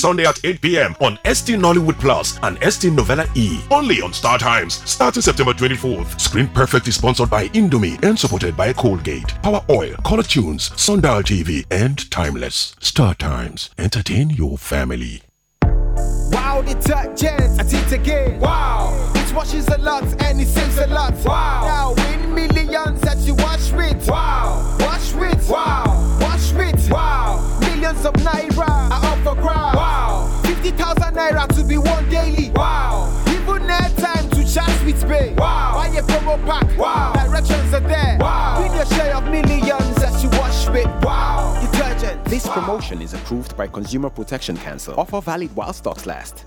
Sunday at 8 p.m. on ST Nollywood Plus and ST Novella E. Only on Star Times, starting September 24th. Screen Perfect is sponsored by Indomie and supported by Colgate, Power Oil, Color Tunes, Sundial TV, and Timeless. Star Times, entertain your family. Wow, detergents, I did it again. Wow, it washes a lot and it saves a lot. Wow, now win millions that you wash with. Wow, wash with. Wow, wash with. Wow, millions of naira. 20,000 naira to be daily. Wow. Even had time to chat with Wow. Buy a promo pack. Wow. Directions are there. Wow. With your share of millions as you wash with. Wow. Detergent. This wow. promotion is approved by Consumer Protection Council. Offer valid while stocks last.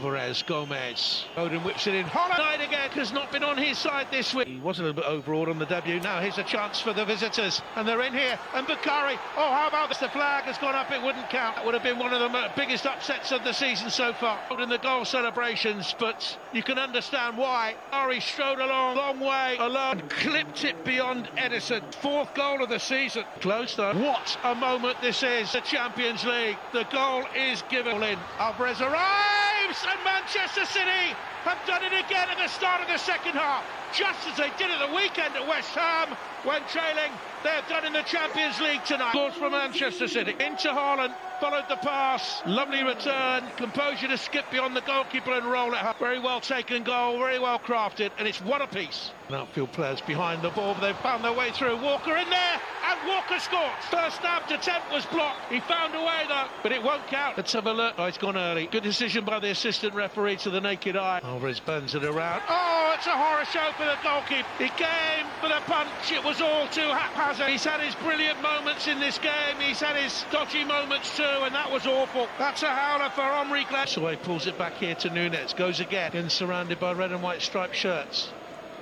Alvarez, Gomez. Odin whips it in. Holland again has not been on his side this week. He was a little bit overawed on the debut. Now here's a chance for the visitors. And they're in here. And Bukari. Oh, how about this? The flag has gone up. It wouldn't count. That would have been one of the biggest upsets of the season so far. In the goal celebrations, but you can understand why. Ari strode along a long way alone. Clipped it beyond Edison. Fourth goal of the season. Close though. What a moment this is. The Champions League. The goal is given Alvarez arrives and Manchester City have done it again at the start of the second half, just as they did at the weekend at West Ham when trailing. They've done in the Champions League tonight. Force for Manchester City. Into Haaland, followed the pass, lovely return, composure to skip beyond the goalkeeper and roll it home. Very well taken goal, very well crafted, and it's one apiece. Outfield players behind the ball, but they've found their way through. Walker in there, and Walker scores. First half attempt was blocked. He found a way though, but it won't count. Let's have a look. Oh, it's gone early. Good decision by the assistant referee to the naked eye. Alvarez burns it around. Oh, it's a horror show for the goalkeeper. He came for the punch. It was all too haphazard. He's had his brilliant moments in this game. He's had his dodgy moments too, and that was awful. That's a howler for Omri Glassaway. Pulls it back here to Nunes. Goes again. And surrounded by red and white striped shirts.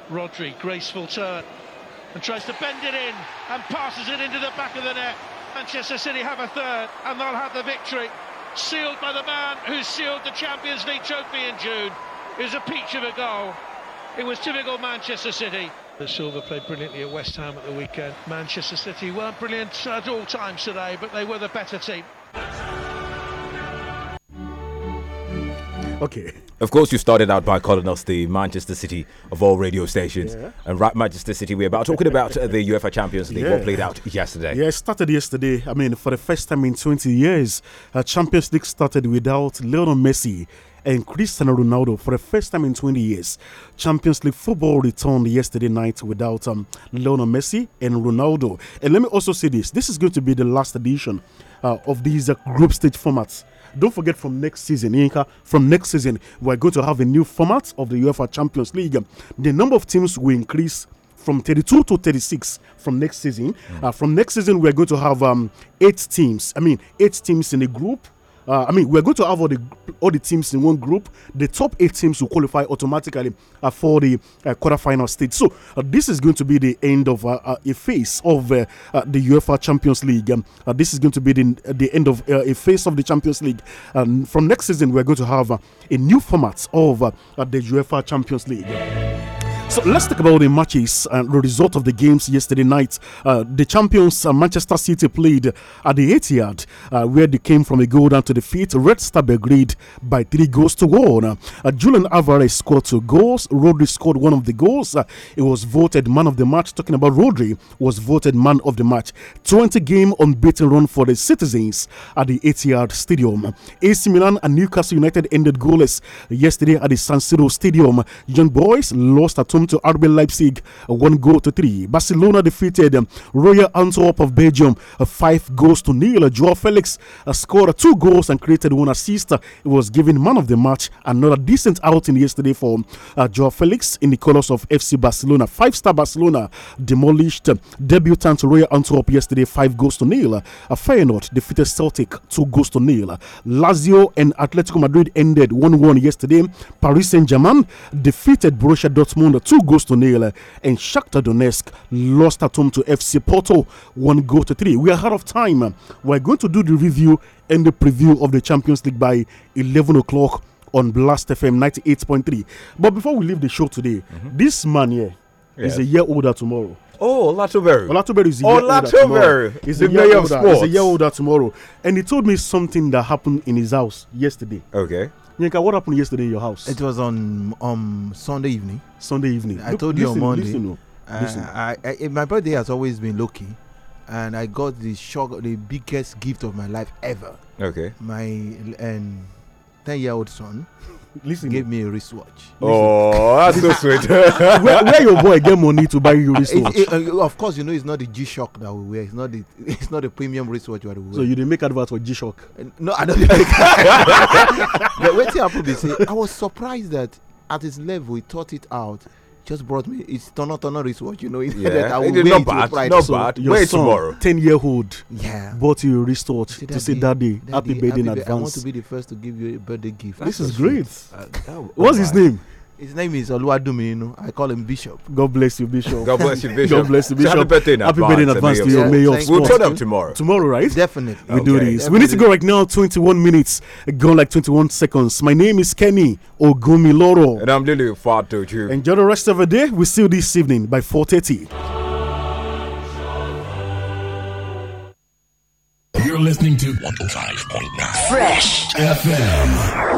Rodri, graceful turn, and tries to bend it in, and passes it into the back of the net. Manchester City have a third, and they'll have the victory. Sealed by the man who sealed the Champions League trophy in June. It was a peach of a goal. It was typical Manchester City. The Silva played brilliantly at West Ham at the weekend. Manchester City weren't brilliant at all times today, but they were the better team. Okay. Of course, you started out by calling us the Manchester City of all radio stations. Yeah. And right, Manchester City, we're about talking about uh, the UEFA Champions League, yeah. what played out yesterday. Yeah, it started yesterday. I mean, for the first time in 20 years, uh, Champions League started without Lionel Messi and Cristiano Ronaldo for the first time in 20 years. Champions League football returned yesterday night without um, Lionel Messi and Ronaldo. And let me also say this this is going to be the last edition uh, of these uh, group stage formats don't forget from next season, Inca, from next season, we're going to have a new format of the UEFA Champions League. The number of teams will increase from 32 to 36 from next season. Mm. Uh, from next season, we're going to have um, eight teams. I mean, eight teams in a group uh, I mean, we're going to have all the all the teams in one group. The top eight teams will qualify automatically uh, for the uh, quarterfinal stage. So uh, this is going to be the end of uh, uh, a phase of the UEFA Champions League. Um, this is going to be the, the end of a phase of the Champions League. from next season, we're going to have a new format of the UEFA Champions League. So let's talk about the matches and the result of the games yesterday night. Uh, the champions uh, Manchester City played at the Etihad, uh, where they came from a goal down to defeat Red Star Belgrade by three goals to one. Uh, Julian Alvarez scored two goals. Rodri scored one of the goals. it uh, was voted man of the match. Talking about Rodri, was voted man of the match. 20 game unbeaten run for the citizens at the Etihad Stadium. AC Milan and Newcastle United ended goalless yesterday at the San Siro Stadium. Young boys lost at home home to RB Leipzig, one goal to three. Barcelona defeated um, Royal Antwerp of Belgium, uh, five goals to nil. Joao Felix uh, scored two goals and created one assist. He was given man of the match. Another decent outing yesterday for uh, Joao Felix in the colours of FC Barcelona. Five star Barcelona demolished uh, debutant Royal Antwerp yesterday, five goals to nil. Feyenoord defeated Celtic, two goals to nil. Lazio and Atletico Madrid ended 1 1 yesterday. Paris Saint Germain defeated Borussia Dortmund two goals to nil. And Shakhtar Donetsk lost at home to FC Porto, one goal to three. We are out of time. We're going to do the review and the preview of the Champions League by 11 o'clock on Blast FM 98.3. But before we leave the show today, mm -hmm. this man here yes. Oh, is a year older tomorrow. Oh, Olatuberu. Olatuberu is a year older He's He's a year older tomorrow. And he told me something that happened in his house yesterday. Okay. Yenka, what happened yesterday in your house? It was on um Sunday evening. Sunday evening. I Look, told listen, you on Monday. Listen, listen, oh. uh, listen. I, I, eh, my birthday has always been lucky, and I got the shock, the biggest gift of my life ever. Okay. My and um, ten year old son listen. Give me a wristwatch. Oh, that's so sweet. where, where, your boy get money to buy you wristwatch? uh, of course, you know it's not the G Shock that we wear. It's not the it's not the premium wristwatch that we wear. So you didn't make advert for G Shock? Uh, no, I don't. Make but wait till I say I was surprised that at his level he thought it out just brought me. It's Tono Tono wristwatch, you know. Yeah. that I will wait not bad, pride. Not so bad. Your son, tomorrow. ten year old, yeah, bought you a wristwatch to say, "Daddy, happy birthday in advance." I want to be the first to give you a birthday gift. This is great. Uh, What's his name? His name is know. I call him Bishop. God bless you, Bishop. God bless you, Bishop. God bless you, Bishop. happy birthday in happy advance. in advance to your mayor We'll tell them tomorrow. Tomorrow, right? Definitely. We okay. do this. Definitely. We need to go right now. 21 minutes. Gone like 21 seconds. My name is Kenny Ogumiloro. And I'm Lily Fatoju. Enjoy the rest of the day. We'll see you this evening by 4.30. You're listening to 105.9 Fresh FM.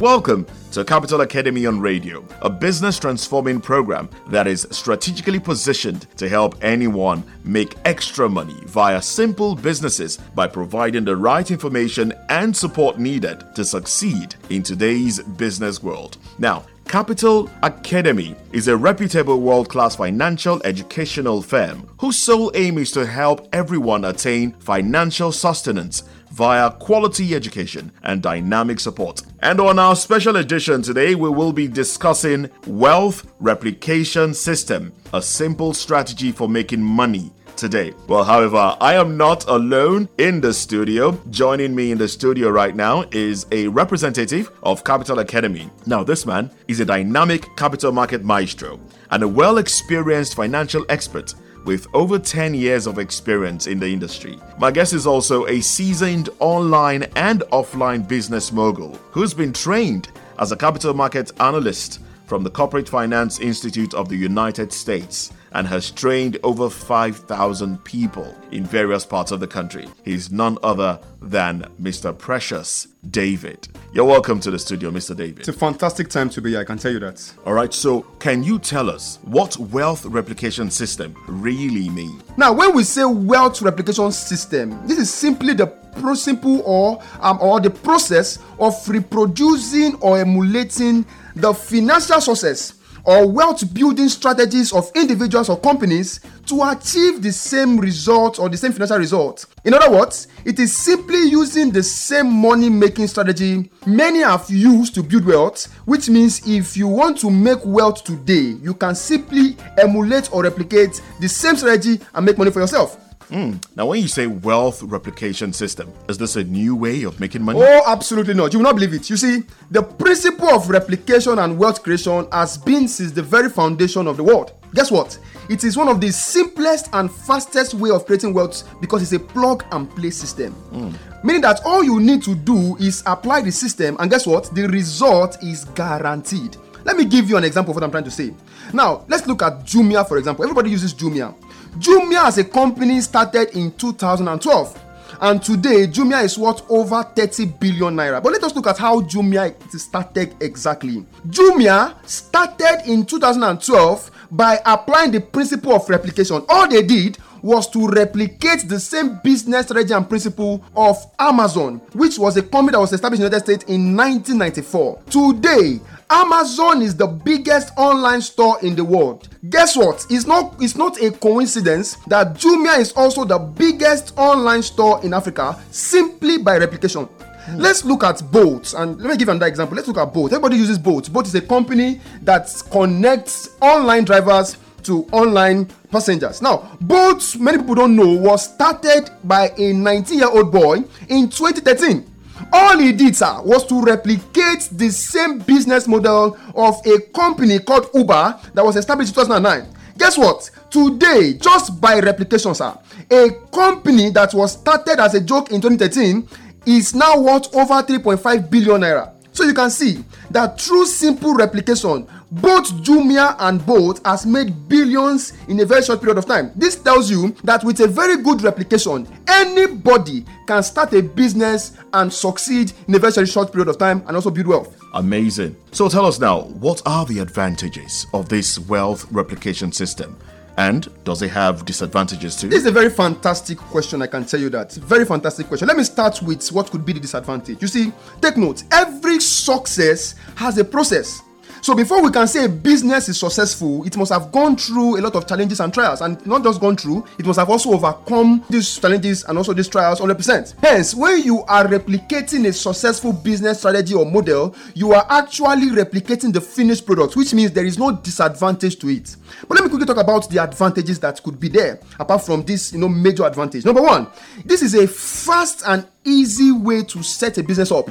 Welcome to Capital Academy on Radio, a business transforming program that is strategically positioned to help anyone make extra money via simple businesses by providing the right information and support needed to succeed in today's business world. Now, Capital Academy is a reputable world class financial educational firm whose sole aim is to help everyone attain financial sustenance via quality education and dynamic support. And on our special edition today, we will be discussing Wealth Replication System, a simple strategy for making money today. Well, however, I am not alone in the studio. Joining me in the studio right now is a representative of Capital Academy. Now, this man is a dynamic capital market maestro and a well experienced financial expert with over 10 years of experience in the industry. My guest is also a seasoned online and offline business mogul who's been trained as a capital market analyst from the Corporate Finance Institute of the United States and has trained over 5,000 people in various parts of the country. He's none other than Mr. Precious David. You're welcome to the studio, Mr. David. It's a fantastic time to be here, I can tell you that. All right, so can you tell us what wealth replication system really means? Now, when we say wealth replication system, this is simply the pro- simple or um, or the process of reproducing or emulating the financial success or wealth building strategies of individuals or companies to achieve the same result or the same financial result. In other words, it is simply using the same money making strategy many have used to build wealth, which means if you want to make wealth today, you can simply emulate or replicate the same strategy and make money for yourself. Mm. Now, when you say wealth replication system, is this a new way of making money? Oh, absolutely not. You will not believe it. You see, the principle of replication and wealth creation has been since the very foundation of the world. Guess what? It is one of the simplest and fastest way of creating wealth because it's a plug and play system. Mm. Meaning that all you need to do is apply the system, and guess what? The result is guaranteed. Let me give you an example of what I'm trying to say. Now, let's look at Jumia, for example. Everybody uses Jumia. Jumia as a company started in 2012 and today Jumia is worth over 30 billion naira. But let us look at how Jumia started exactly. Jumia started in 2012 by applying the principle of replication. All they did was to replicate the same business strategy and principle of Amazon, which was a company that was established in the United States in 1994. Today, Amazon is the biggest online store in the world. Guess what? It's not it's not a coincidence that Jumia is also the biggest online store in Africa simply by replication. Let's look at Bolt and let me give another example. Let's look at Bolt. Everybody uses Bolt. Bolt is a company that connects online drivers to online passengers. Now, boats, many people don't know, was started by a 19 year old boy in 2013. All he did, sir, was to replicate the same business model of a company called Uber that was established in 2009. Guess what? Today, just by replication, sir, a company that was started as a joke in 2013 is now worth over 3.5 billion naira. So you can see that through simple replication, both Jumia and Bolt has made billions in a very short period of time. This tells you that with a very good replication, anybody can start a business and succeed in a very short period of time and also build wealth. Amazing. So tell us now, what are the advantages of this wealth replication system? And does it have disadvantages too? This is a very fantastic question, I can tell you that. Very fantastic question. Let me start with what could be the disadvantage. You see, take note every success has a process. So before we can say a business is successful, it must have gone through a lot of challenges and trials, and not just gone through, it must have also overcome these challenges and also these trials 100%. Hence, when you are replicating a successful business strategy or model, you are actually replicating the finished product, which means there is no disadvantage to it. But let me quickly talk about the advantages that could be there apart from this, you know, major advantage. Number one, this is a fast and easy way to set a business up.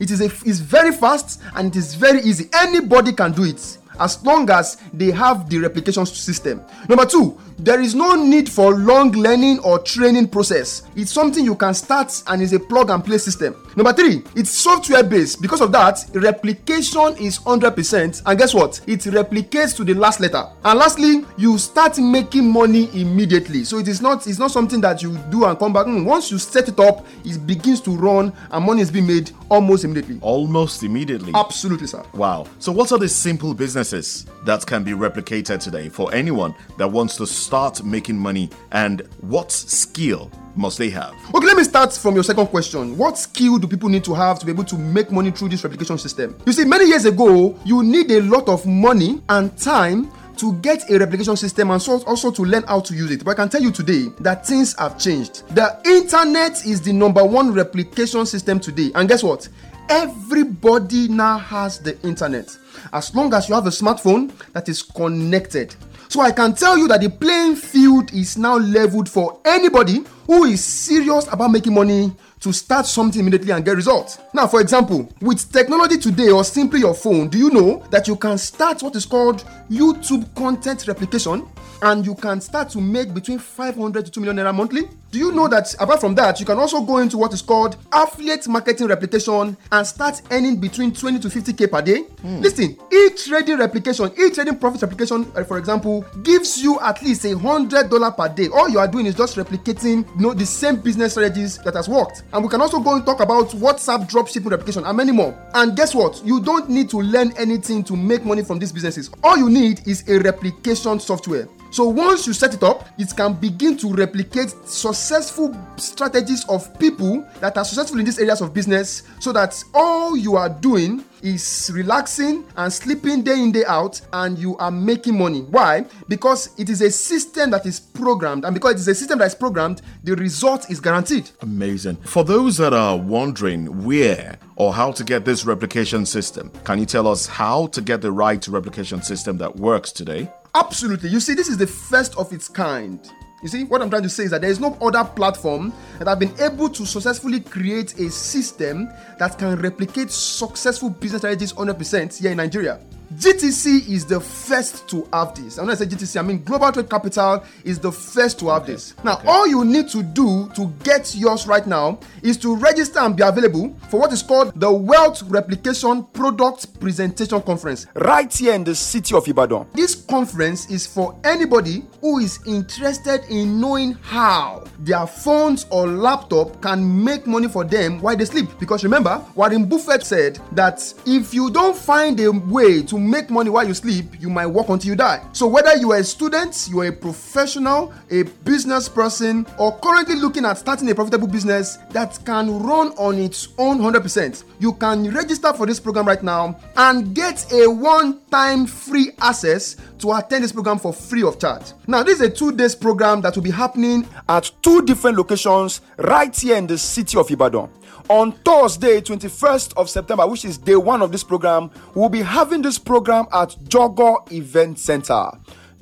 It is a, it's very fast and it is very easy. Anybody can do it as long as they have the replication system. Number two, there is no need for long learning or training process. It's something you can start and is a plug and play system. Number three, it's software based. Because of that, replication is 100%. And guess what? It replicates to the last letter. And lastly, you start making money immediately. So it is not it's not something that you do and come back. Mm, once you set it up, it begins to run and money is being made almost immediately. Almost immediately. Absolutely, sir. Wow. So what are the simple business businesses that can be replicated today for anyone that wants to start making money and what skill must they have? Okay, let me start from your second question. What skill do people need to have to be able to make money through this replication system? You see, many years ago, you need a lot of money and time to get a replication system and so also to learn how to use it. But I can tell you today that things have changed. The internet is the number one replication system today. And guess what? Everybody now has the internet as long as you have a smartphone that is connected. So I can tell you that the playing field is now leveled for anybody who is serious about making money to start something immediately and get results. Now, for example, with technology today or simply your phone, do you know that you can start what is called YouTube content replication? and you can start to make between 500 to 2 million naira monthly. Do you know that apart from that, you can also go into what is called affiliate marketing replication and start earning between 20 to 50k per day? Mm. Listen, each trading replication, each trading profit replication, uh, for example, gives you at least a hundred dollar per day. All you are doing is just replicating you know, the same business strategies that has worked. And we can also go and talk about WhatsApp dropshipping replication and many more. And guess what? You don't need to learn anything to make money from these businesses. All you need is a replication software. So once you set it up, it can begin to replicate successful strategies of people that are successful in these areas of business so that all you are doing is relaxing and sleeping day in day out and you are making money why because it is a system that is programmed and because it is a system that is programmed the result is guaranteed amazing for those that are wondering where or how to get this replication system can you tell us how to get the right replication system that works today Absolutely. You see, this is the first of its kind. You see, what I'm trying to say is that there is no other platform that have been able to successfully create a system that can replicate successful business strategies 100% here in Nigeria. GTC is the first to have this. And when I say GTC, I mean Global Trade Capital is the first to have okay. this. Now, okay. all you need to do to get yours right now is to register and be available for what is called the Wealth Replication Product Presentation Conference right here in the city of Ibadan. This conference is for anybody who is interested in knowing how their phones or laptop can make money for them while they sleep. Because remember, Warren Buffett said that if you don't find a way to make money while you sleep, you might work until you die. So, whether you are a student, you are a professional, a business person, or currently looking at starting a profitable business that can run on its own 100%, you can register for this program right now and get a one time free access to attend this program for free of charge. Now, this is a two days program that will be happening at two different locations right here in the city of Ibadan on Thursday, 21st of September, which is day one of this program, we'll be having this program at Jogo Event Center.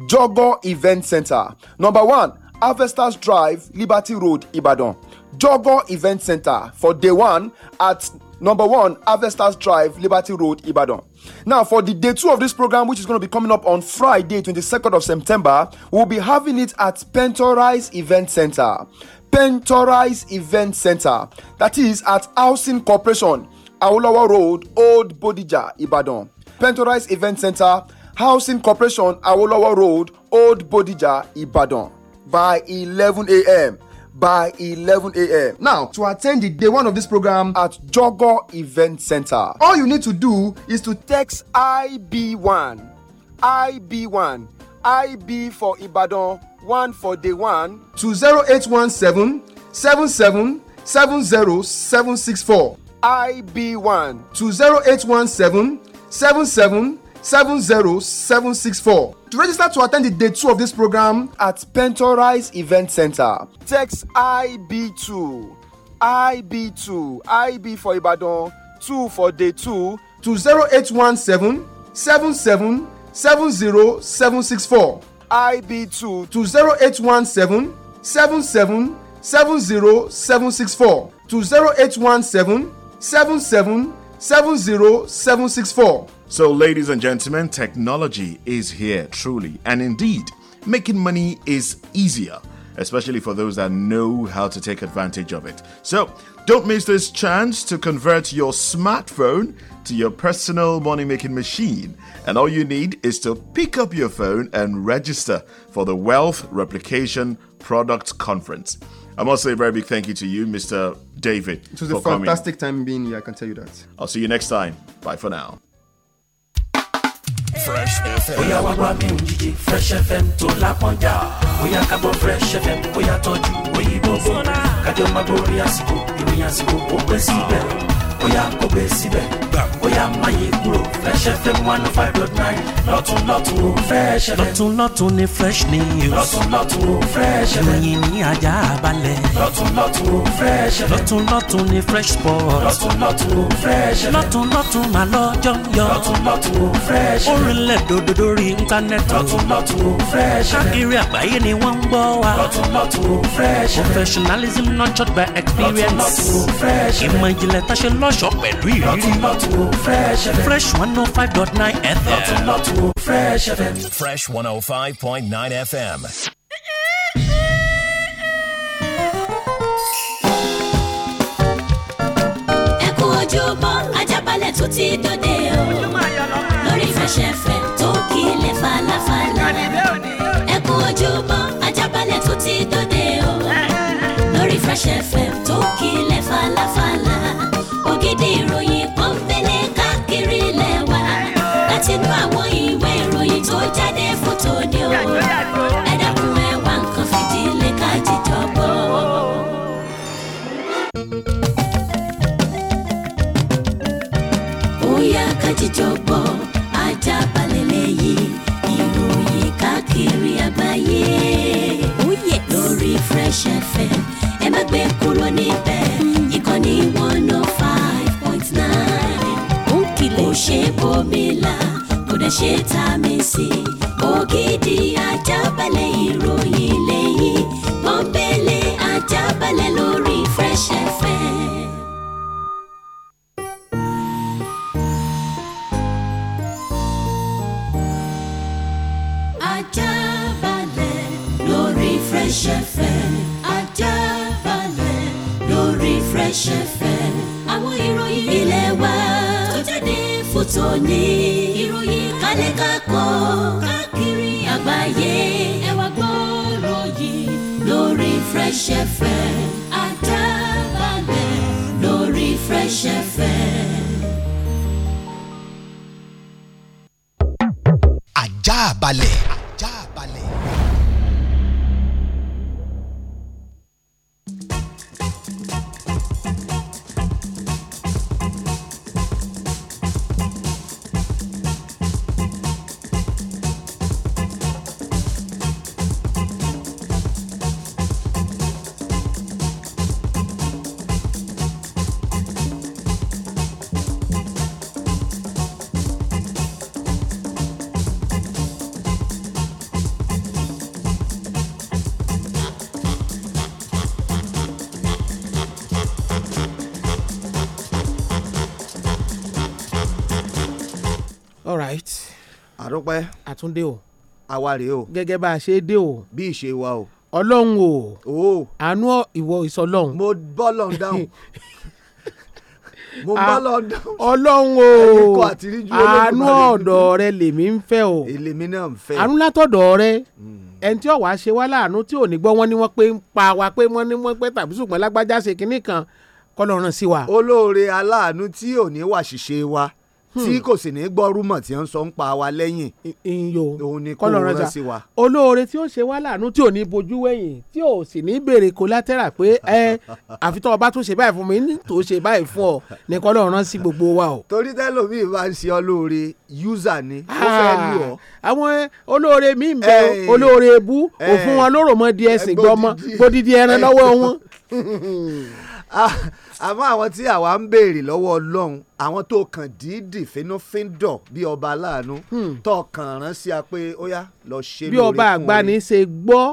Jogo Event Center. Number one, Avestas Drive, Liberty Road, Ibadan. Jogo Event Center for day one at number one, Avestas Drive, Liberty Road, Ibadan. Now, for the day two of this program, which is going to be coming up on Friday, 22nd of September, we'll be having it at Pentorize Event Center. Pentorize Event Center that is at Housing Corporation, Awolowo Road, Old Bodija, Ibadan. Pentorize Event Center, Housing Corporation, Awolowo Road, Old Bodija, Ibadan. By eleven a.m. by eleven a.m. Now, to attend the day one of this program at Jogo Event Center, all you need to do is to text IB1, IB1, IB for Ibadan, one for day one. to zero eight one seven seven seven seven zero seven six four. ib one. to zero eight one seven seven seven seven zero seven six four. To register to attend the day two of this program at Pentorize Event Center, text ib two, ib two, IB for Ibadan, two for day 2 to seven six four. IB2 to 0817 77 70764 to 0817 77 70764. So, ladies and gentlemen, technology is here truly, and indeed, making money is easier, especially for those that know how to take advantage of it. So, don't miss this chance to convert your smartphone to your personal money making machine and all you need is to pick up your phone and register for the Wealth Replication Product Conference. I must say a very big thank you to you, Mr. David. It was a fantastic coming. time being here, I can tell you that. I'll see you next time. Bye for now. fresh fm. bóyá mi fresh fm tó lápọ́njà bóyá fresh fm bóyá tọ́jú òyìnbó bò kájọ máa gbórí àsìkò ìròyìn àsìkò síbẹ̀ bóyá kò síbẹ̀ program. ó má yí kúrò Fresh FM one oh five dot nine lọ́tún lọ́tún Fresh FM. lọ́tún lọ́tún ni fresh news. lọ́tún lọ́tún Fresh FM. ròyìn ní ajá balẹ̀. lọ́tún lọ́tún Fresh FM. lọ́tún lọ́tún ni fresh sport. lọ́tún lọ́tún Fresh FM. lọ́tún lọ́tún mà lọ́jọ́ ń yọ. lọ́tún lọ́tún Fresh FM. orílẹ̀ dòdò lórí íńtánẹ́ẹ̀tì. lọ́tún lọ́tún Fresh FM. káàkiri àgbáyé ni wọ́n ń gbọ́ wa. lọ́tún lọ́tún Fresh FM. professionalism nurtured by experience. lọ́tún lọ́tún Fresh FM. ìmọ̀ ìjìnlẹ̀ tá Fresh FM. Fresh 105.9 FM. Not Fresh FM. Fresh 105.9 FM. ojúbọ ajábalẹ̀ tó ti dòde o lórí Fresh FM tó kílẹ̀ falafala Eku kú ojúbọ ajábalẹ̀ tó ti dòde o lórí Fresh FM tó kílẹ̀ falafala. tó jáde fótó ni o ẹ dákun ẹ wá nǹkan fìdílé ká jíjọ gbọ́. bóyá ká jíjọ gbọ́ ajá balẹ̀ lẹ́yìn ìròyìn káàkiri àgbáyé oh, lórí Fresh FM ẹ má gbé kúrò níbẹ̀ ìkànnì one oh five point nine kò ṣe bómi la dẹ̀ ṣe tá a mi sí. ògidì ajábalẹ̀ ìròyìn lẹ́yìn pọ́npẹ́lẹ́ ajábalẹ̀ lórí Fresh FM. ajábalẹ̀ lórí Fresh FM ajábalẹ̀ lórí Fresh FM. ìròyìn ìròyìn kálẹ̀ kákọ́ káàkiri àgbáyé ẹ wá gbọ́rọ̀ yìí lórí Fresh FM Ajaabale lórí Fresh FM. Ajaabale. àdúpẹ́. àtúndé o. àwa o. gẹ́gẹ́ bá a ṣe dé o. bí ìṣe wa o. ọlọ́run o. o. àánú ìwọ ìsọlọ́run. mo bọ́lọ̀ dáhùn. mo bọ́lọ̀ dáhùn. ọlọ́run o. àánú ọ̀dọ̀ rẹ lèmi ń fẹ́ o. èlèmi náà ń fẹ́. àánú látọ̀dọ̀ rẹ hmm. ẹni tí ọ̀wá ṣe wá láàánú tí ò ní gbọ́ wọ́n ní wọ́n pé ń pa wa pé wọ́n ní wọ́n pé tàbí ṣùgbọ́n lágbájá ṣe kinní kan kọlọ́run sí wa. olóore aláàánú tí ò ní wàṣìṣe wa tí hmm. kò sì ní gbọ́ rúmọ̀ tí wọ́n sọ ń pa wa lẹ́yìn. iyo kọlọ́rọ́jà olóore tí ó ṣe wá láàánú tí ò ní bojú wẹ̀yìn tí ò sì ní béèrè kólátẹ́rà pé ẹ àfi tó bá tún ṣe báyìí fún mi ní tó ṣe báyìí fún ọ ní kọlọ́rọ́ sí gbogbo wa o. torí tẹ́lómìn bá ń ṣe olóore user ni ó ah, fẹ́ lù ọ́. àwọn olóore mi ń bẹ eh, olóore ebú eh, òfun wọn lóròmọdìẹ sìngbọmọ eh, gbódìdí ẹran lọ́wọ́ wọn. Ah, àmọ́ àwọn tí àwa ń béèrè lọ́wọ́ ọlọ́run àwọn tó kàn dídì fínúfíndọ̀ bí ọba aláàánú hmm. tó kàn rán sí a pé ó yá lọ ṣe lórí fún orí. bí ọba àgbàni ṣe gbọ́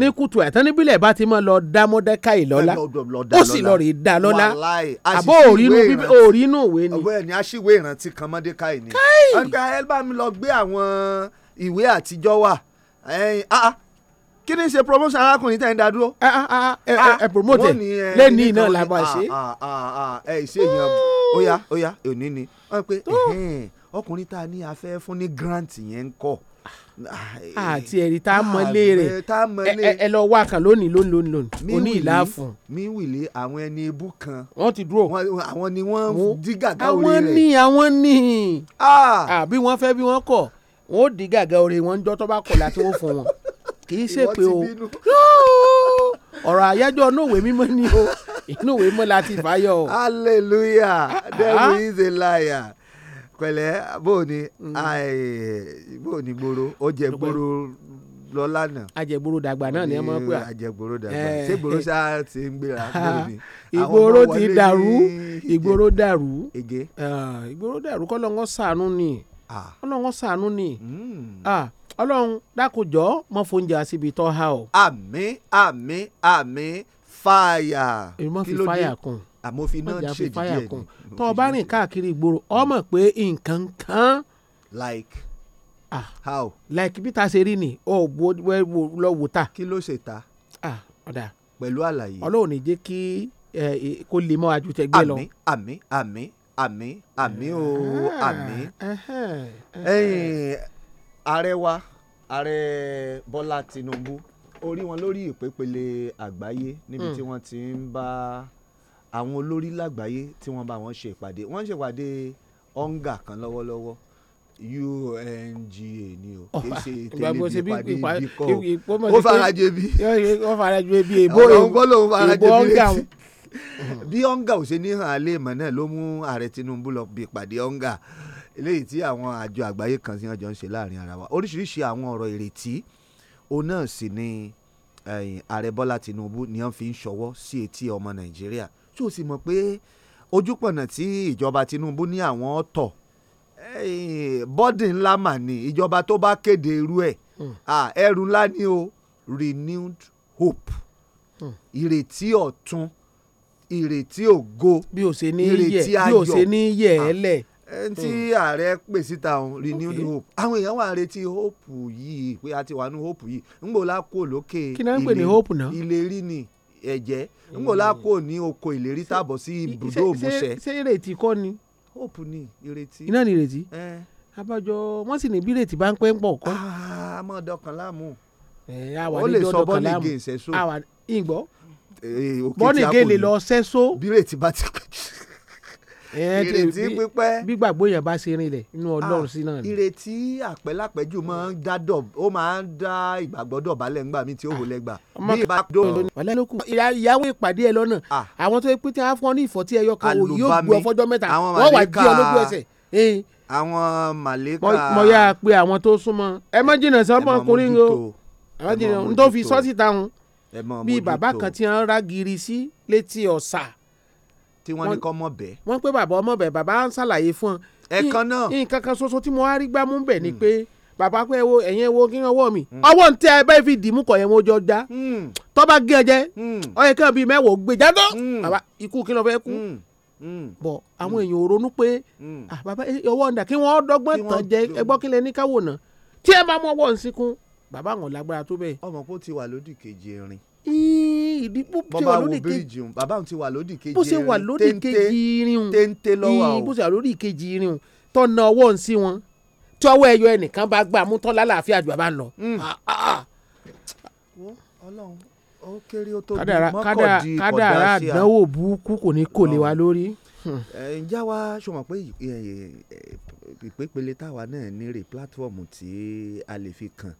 ní kùtù ẹ̀tàn níbílẹ̀ bá ti mọ́ lọ dá mọ́dẹ́káì lọ́lá ó sì lọ rí dá lọ́lá àbó òrínú òwe ni. ọ̀bẹ ni aṣíwé ìrántí kan mọ́dẹ́káì ni. káì ẹ bá mi lọ gbé àwọn ìwé àtijọ́ wà kí ni ṣe promotion arákùnrin tẹ̀ ń da dúró. ẹ ah, ah, ah, eh, eh, eh, promote lẹ́ni náà la bá ṣe. ẹ ṣe èèyàn óyá óyá òní ni wọ́n pe ọkùnrin tá ni ní afẹ́ fún ní grant yẹn ń kọ́ àti ẹ̀rí tá a mọ̀lé rẹ̀ ẹ lọ wá kan lónìí lónìí lónìí oní ìlà fún. mi wìlé àwọn ẹni ebú kan. wọ́n ti dúró. àwọn ni wọ́n dí gàgà orí rẹ̀. àwọn ni. àwọn ní. àbí wọ́n fẹ́ bí wọ́n kọ̀ wọ́n ó dí gàgà orí wọn jọ́ tó bá kọ̀ láti wọ́n fún wọn kì í ṣèpè o ọ̀rọ̀ àyájọ́ inú ìwé mímọ́ ni o inú ìwé mímọ́ la ti fàyọ o. hallelujah devil ah. is a liar pẹ̀lẹ́ bóòni mm. bóòni gbòòrò ó jẹ gbòòrò lọ́lá náà. àjẹgbòrò dàgbà náà ni ẹ mọ̀ pé à. àjẹgbòrò dàgbà eh, ṣé gbòòrò eh. ṣá ti ń gbéra kúrò ah, ní. ìgboro ti dàrú ìgboro dàrú eh, ìgboro dàrú kọ́ lọ́ngọ́ ṣàánú ni ah. kọ́ lọ́ngọ́ ṣàánú ni. Mm ọlọ́run dákòjọ́ mọ́ fóúnjẹ àṣìbí tó há o. àmín àmín àmín fàyà. èmi mọ̀ fi fàyà kùn àmófin náà ṣe díẹ̀ ni tó o bá rìn káàkiri ìgboro ọmọ pé nǹkan kan. like ah how. like bí ta ṣe rí ni ọ wo lọ wò ta. kí ló ṣe ta. ah ọ̀dà. pẹ̀lú àlàyé. ọlọ́run ní jẹ́ kí kó lè mọ́ ajú tẹ́gbẹ́ lọ. àmín àmín àmín àmín àmín o àmín ààrẹ wa ààrẹ Bọ́lá Tinubu orí wọn lórí ìpèpele àgbáyé níbi tí hmm. wọ́n ti ń bá àwọn olórí lágbàáyé tí wọ́n bá wọn ṣe ìpàdé wọ́n ń ṣèpàdé ọ̀ǹgà kan lọ́wọ́lọ́wọ́ UNGA ni o kì í ṣe tẹlifí ìpàdé ibi kọ́ ó farajẹ bí ó farajẹ bí èbó èbó ọ̀ǹgà bí ọ̀ǹgà ò ṣe ní hàn án lè mọ̀ náà ló mú ààrẹ Tinubu lọ bí ìpàdé ọ̀ǹgà eléyìí tí àwọn àjọ àgbáyé kan ti hàn jọ ń ṣe láàrin ara wa oríṣiríṣi àwọn ọ̀rọ̀ ìrètí òun náà sì ni ààrẹ bọ́lá tinubu ni wọ́n fi ń ṣọwọ́ sí etí ọmọ nàìjíríà tí o sì mọ̀ pé ojúpọ̀nà tí ìjọba tinubu ní àwọn ọ̀tọ̀ bọ́dì ńlá mà ní ìjọba tó bá kéde irú ẹ̀ hmm. ẹrù ńlá ni o renewed hope hmm. ìrètí ọ̀tun ìrètí ògo ìrètí ayọ̀ bí o ṣe ní yẹ̀ ẹ́ lẹ̀ ẹni tí hmm. ààrẹ pè síta òun renewed hope àwọn èèyàn wà retí hope yìí pé a ti wà ní hope yìí ńgbò kò lókè ìlérí ni ẹ̀jẹ̀ ńgbò hmm. kò ní oko ìlérí tàbọ̀ sí ibùdó òmùṣẹ́. ṣé ìrètí kọ́ ni. hope ni ìrètí. iná ni ìrètí. abájọ wọn sì ní bí ìrètí bá ń pẹ́ ń pọ̀ kọ́. Ah, a dọkàn láàmú. ó lè sọ bọ́ọ̀lì ìgbọ́ eh, lọ bí bá ti pẹ́ ìrètí pípẹ́ gbígbàgbọ́ yẹn bá ṣe rinlẹ̀ inú ọlọ́run ah, sí náà ni. ìrètí àpẹ́lápẹ́jù máa ń dá dọ̀ ó máa ń dá ìgbàgbọ́ dọ̀bálẹ̀ ńgbà mi tí ó ah, wò lẹ́gbà. bí ìbá dó ìyàwó ìpàdé ẹ lọ́nà ah. àwọn tó pété afọ́ ní ìfọ̀tí ẹyọ kan yóò gbọ́ fọ́jọ́ mẹ́ta wọ́n wà jí ọlójú ẹsẹ̀ àwọn màlẹ́kà. mo yà á àwọn tó súnmọ́ ẹ má jìnnà sọ́mọ́ ọkùnrin o ẹ má jìnnà n tó fi sọ́ọ̀tì táwọn bíi bàbá kan tí wọ́n rá sí létí ọ̀sà tí wọ́n ní kọ́ mọ̀ bẹ́ẹ̀. wọ́n pé bàbá ọmọ bẹ́ẹ̀ bàbá ń ṣàlàyé fún ọ. ẹ̀kan náà. nǹkan kan ṣoṣo tí mo wá rí gbámú bẹ̀ ni hmm. pé bàbá pé ẹ̀wọ̀ ẹ̀yìn ẹ̀wọ̀ kí ọwọ́ mi hmm. ọwọ́ ń tẹ ẹ bẹ́ẹ̀ fi dìímú kọ̀ yẹn mo jọ já hmm. tó bá gé ẹ jẹ ọyẹ kan bíi mẹ́wọ̀ gbé e jádó bàbá ikú kí ló fẹ́ kú bọ̀ àwọn èèyàn ò ronú pé ah, bàbá ọwọ́ ń dà kí wọ́n dọ́gbọ́n tàn jẹ ẹgbọ́ kí lẹ ní káwọ̀ náà tí ẹ bá mọ́ ọwọ́ ń sínkún bàbá àwọn lágbára tó bẹ́ẹ̀. ọmọ kó ti wà lódì kejì erin ibi bó ṣe wà lórí kejì un bàbá òun ti wà lórí kejì bó ṣe wà lórí kejì irin un téńté lọ́wọ́ àwọn bó ṣe wà lórí kejì irin un tọ́nà ọwọ́ ń sí wọn tí ọwọ́ ẹyọ ẹnìkan bá gbà mú tán lálàáfíà jù bàbá lọ. kádàrá àdánwò burúkú kò ní kò lè wa lórí. ǹjẹ́ wa ṣe mọ̀ pé ìpépele táwa náà nírè pílátífọ̀mù tí a lè fi kàn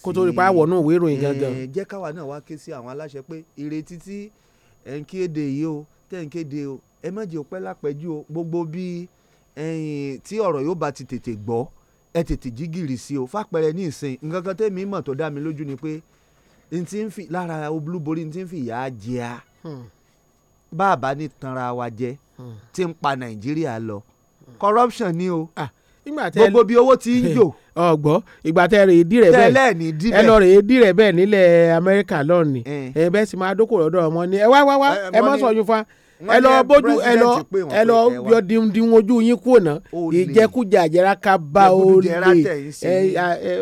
kó tó rí pa àwọ̀ náà wérò yìí gangan. jẹ́ káwa náà wá ké sí àwọn aláṣẹ pé ìrètí tí ẹ̀ ń kéde yìí o tẹ̀ ń kéde o ẹ má jẹ́ òpẹ́ lápẹ́jù o gbogbo bí tí ọ̀rọ̀ yóò bá ti tètè gbọ́ ẹ tètè jí gìrì sí o fàpẹrẹ ní ìsìn nǹkan kan tẹ́mi mọ̀ tó dá mi lójú ni pé n ti ń fi lára olúborí n ti ń fi ìyá jẹ a hmm. bá a bá ní tanra wa jẹ hmm. ti ń pa nàìjíríà lọ corruption ni o. Ah gbogbo bí owó ti ń yò. ọgbọ ìgbà tẹ rè Di rẹ bẹ́ẹ̀ ẹ lọ rè édí rẹ bẹ́ẹ̀ nílẹ̀ Amẹ́ríkà lọni eh. ẹ bẹ́ẹ̀ sì máa dókòrò ọ̀dọ̀ ọmọ ni ẹ wá wá wá eh, ẹ má sọ yín fa ẹ lọ bójú ẹ lọ ẹ lọ yọ dìndín ojú yín kúrò ná ìjẹkújẹ àjẹrà ká bá o lè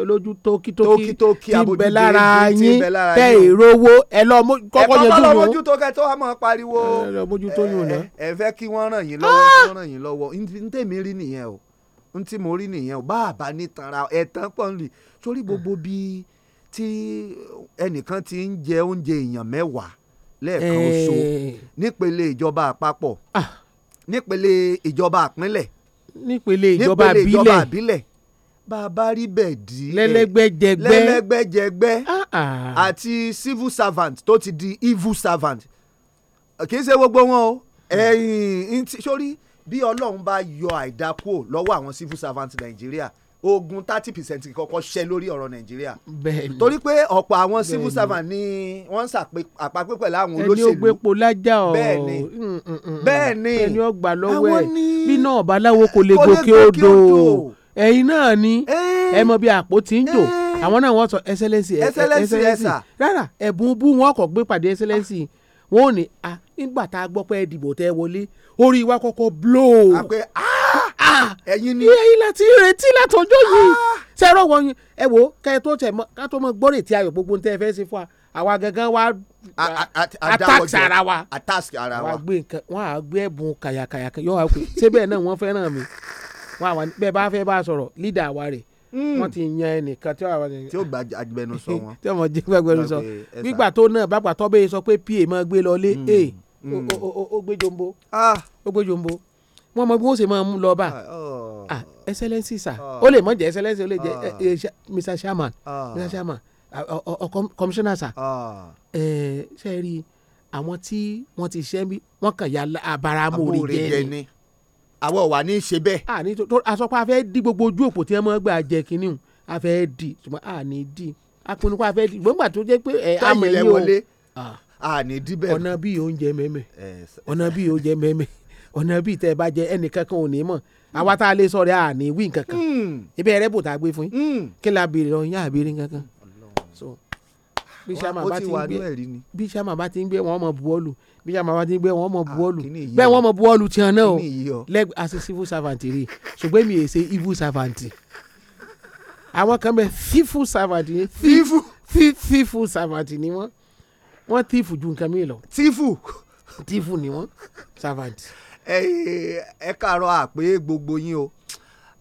lójú tókítókí tí bẹ lára yín tẹ ìrówó ẹ lọ kọ́kọ́ yẹn dùn yín ẹ kọ́kọ́ lọ mójútó kẹ tó wà mọ́ pariwo ẹ fẹ́ kí wọ́n ràn yín lọ́wọ́ kí wọ́n ràn yín lọ́wọ́ ntẹ̀mí rí nìyẹn o n tí mo rí nìyẹn o báàbá ní tanra ẹ̀tàn pọ́ńlì torí gbogbo bíi tí ẹnìkan ti ń jẹ oúnjẹ èèyàn mẹ́wàá lẹ́ẹ̀kan oṣù nípele ìjọba àpapọ̀ ah. nípele ìjọba ìpínlẹ̀ nípele ìjọba àbílẹ̀ bàbá rí bẹ́ẹ̀ dí lẹ́lẹ́gbẹ́jẹgbẹ́ lẹ́lẹ́gbẹ́jẹgbẹ́ ah, ah. àti civil servant tó ti di evil servant kì í ṣe gbogbo wọn o ẹ̀yìn sórí. Eh, bí ọlọ́run bá yọ àìdá kúrò lọ́wọ́ àwọn civil servant nàìjíríà ogun thirty percent kọ́kọ́ ṣẹ lórí ọ̀rọ̀ nàìjíríà torí pé ọ̀pọ̀ àwọn civil servant ni wọ́n ń àpapẹ̀ pẹ̀lú àwọn olóṣèlú ẹni ògbépo lájà ọ̀ bẹ́ẹ̀ni mm, mm, mm, bẹ́ẹ̀ni ẹni ọgbà lọ́wọ́ ẹ̀ bí náà baláwo kò lè gòkè odò ẹ̀yin náà ni ẹ mọ bí àpò tí ń jò àwọn náà wọ́n sọ ẹsẹlẹ́sì ẹsẹlẹ́sì rárá ẹ̀bùn bú wọn kò gbé pàdé ẹsẹlẹ́sì wọn ò ní a ah, nígbà tá a gbọ́ pé dìbò tẹ́ wọlé orí wa kọ́kọ́ blow. a pé ah, ah, ẹ̀yin ni ẹ̀yin láti retí látọjọ́ yìí sẹ́rọ̀ wọ yín ẹ wo kẹ́ ẹ tó tẹ̀ mọ́ ká tó mọ́ gbọ́rẹ̀ tí ayọ̀ gbogbo tẹ́ ẹ fẹ́ ṣe fún wa àwa gangan wa atax ara wa atax ara wa wọn à gbé ẹ̀bùn kàyàkàyà yọ wa pé ṣé náà wọ́n fẹ́ràn mi wọn àwọn bẹ́ẹ̀ bá fẹ́ bá sọ̀rọ̀ leader wa rẹ̀ Mm. wọ́n ti yan ẹnìkan tí ó gba agbẹnusọ wọn tí ọmọ jẹ agbẹnusọ gbígbà tó náà bàbá tó bẹ́ẹ̀ sọ pé pa máa gbé lọ lé mm. e eh, ó mm. gbé jombo ó ah. gbé jombo wọ́n mọ bí wọ́n ṣe máa mú lọ bá ah, oh. ah, excellence sir ó lè mọ̀ jẹ́ excellence ó lè jẹ́ eh, eh, mr chairman mr chairman commissioner sir ṣe rí àwọn tí wọ́n ti ṣẹ́ bí wọ́n kàn ya abaramu orí jẹ́ ni àwọn ọ̀wà ní í ṣe bẹ́ẹ̀. a ní tó àsọpọ̀ a fẹ́ di gbogbo ojú òpó tí ẹ mọ́ gbà jẹ kínní o a fẹ́ di ṣùgbọ́n a ní di a pinnu pé a fẹ́ di gbọ́ngbà tó jẹ́ pé ẹ àmọ́ ẹ o a ní di bẹ́ẹ̀. ọ̀nà bíi oúnjẹ mẹ́mẹ́ ọ̀nà bíi oúnjẹ mẹ́mẹ́ ọ̀nà bíi tẹ́ ẹ bá jẹ ẹnìkankan ò ní mọ̀ àwa hmm. tá a lè sọ rẹ̀ à ní wí nǹkankan hmm. ibẹ̀ rẹ̀ bò tá a gbé fún yín hmm. kí la béèrè lọ yín àbèrè nǹkankan bí sàmà bá ti ń gbé bí sàmà bá ti ń gbé wọn mọ ah, buwọ́lù bí sàmà bá ti ń gbé wọn mọ buwọ́lù bẹ́ẹ̀ wọ́n mọ buwọ́lù tiẹ̀ náà o lẹ́gbẹ̀ẹ́ àti civil servant rí ṣùgbọ́n mi yè ṣe evil servant àwọn kan bẹ fífù servant ni fífù servant ni wọ́n wọ́n tífù ju nǹkan mi lọ. tífù tífù ni wọ́n servant. ẹ ẹ kàárọ̀ àpé gbogbo yín o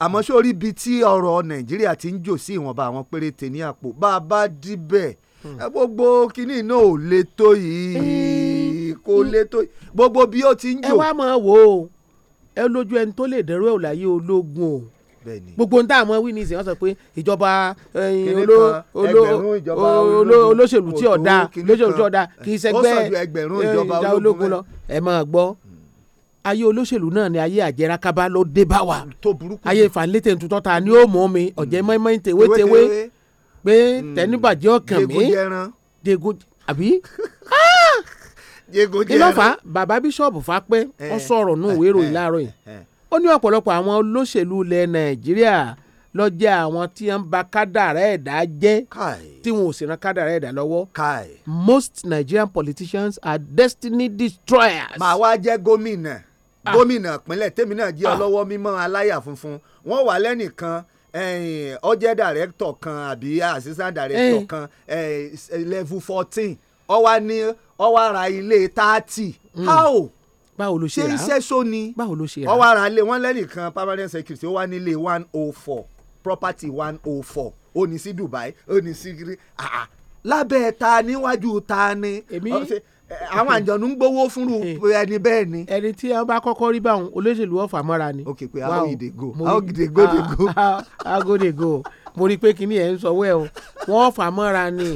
àmọ́ sórí ibi tí ọ̀rọ̀ nàìjíríà ti ń jò sí ìwọ̀nba àwọn péréte ní àpò bá a bá díbẹ̀ gbogbo kínní náà ò le tó yìí kò mm. le tó yìí gbogbo bí ó ti ń jò. ẹ wá máa wò ó ẹ lójú ẹni tó lè dẹrú ẹ ò láyé ológun o gbogbo nta àwọn wí ní ìsìn wọn sọ pé ìjọba olóṣèlú tí ọ̀dà olóṣèlú tí ọ̀dà kì í ṣẹgbẹ́ ìjà ológun lọ ẹ máa gbọ́ ayé olóṣèlú náà ni ayé àjẹrákábá ló dé bá wa ayé ìfàlétè tuntun ta ni ó mọ̀ mi ọ̀jẹ̀ mọ́ẹ́mọ́ẹ́ tèwé tèwé pé hmm. tẹnibàjẹ́ ọkàn mi dègò àbí ìlọ́fà ah! bàbá bíṣọ̀bù Fápẹ́ eh, ọ sọ̀rọ̀ nù wérò eh, ìlàrọ̀ eh, yìí ó ní ọ̀pọ̀lọpọ̀ àwọn olóṣèlú ilẹ̀ Nàìjíríà ló àwọn tí ń ba kádàrá ẹ̀dá jẹ́ tí wọn ò sì ran kádàrá ẹ̀dá lọ́wọ́ most Nigerian politicians are destiny destroyers. màá wá jẹ́ gómìnà ah. gómìnà ìpínlẹ̀ tèmi náà jẹ́ ah. ọlọ́wọ́ mímọ́ aláyà funfun wọ́n wà lẹ́nìkan ó jẹ́ director kan àbí assistant director kan level fourteen ó wá ní ó ra ilé thirty hmm. how báwo ló ṣe rà á ṣe iṣẹ́ sóni báwo ló ṣe rà á ra ilé wọn lẹ́nìkan permanent security ó wá nílé one oh four property one oh four ó ní sí Dubai ó ní Ah. lábẹ́ ta níwájú ta ni. èmi àwọn àjọ̀nù ń gbowó fúnru eh. ẹni bẹ́ẹ̀ ni. ẹni tí a bá kọ́kọ́ rí báwọn olóṣèlú ọ̀fà mọ́ra ni. ok pe how you dey go how you dey go dey go. how ah, ah, go dey go mo rí i pé kíní ń sọ wẹ́ẹ̀ o wọ́n fà mọ́ra ni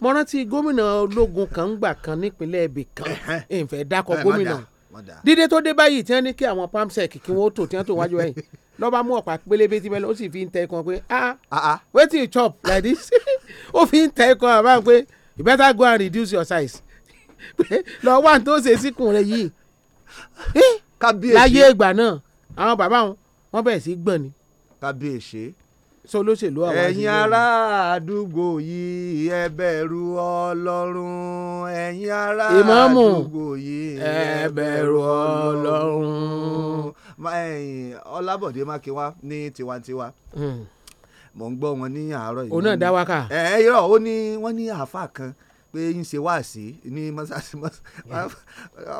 mo rántí gómìnà ológun kan ń gbà kan nípínlẹ̀ ibì kan ìfẹ́ dákọ̀ gómìnà dídé tó dé báyìí tí wọ́n ní kí àwọn pamsec kí wọ́n tó tí wọ́n tó wájú ẹ̀yìn lọ́ba mú ọ̀pá pélébé tí bẹ́ẹ̀ ó sì fi ń tẹ ikán pé ah, wetin you chop like this ó fi ń tẹ ikán àbá pé you better go and reduce your size pé lọ wà tó ṣe síkùn rẹ yìí kábíyèsí láyé ìgbà náà àwọn bàbá wọn wọn bẹ̀rẹ̀ sí gbọ̀n ni. kábíyèsí sọ olóṣèlú àwọn ẹ̀yin ará àdúgbò yìí ẹ bẹ̀rù ọlọ́run ará àdúgbò yìí ẹ bẹ̀rù ọlọ́run. ọlábọ̀dé mákinwá ní tiwantiwa hmm. mò ń gbọ́ wọn ní àárọ̀ yìí. òun náà dá wákà. ẹ ẹ irọ́ ó ní wọ́n ní àáfàá kan pé ń ṣe wáàsí ní mọ́sáàsì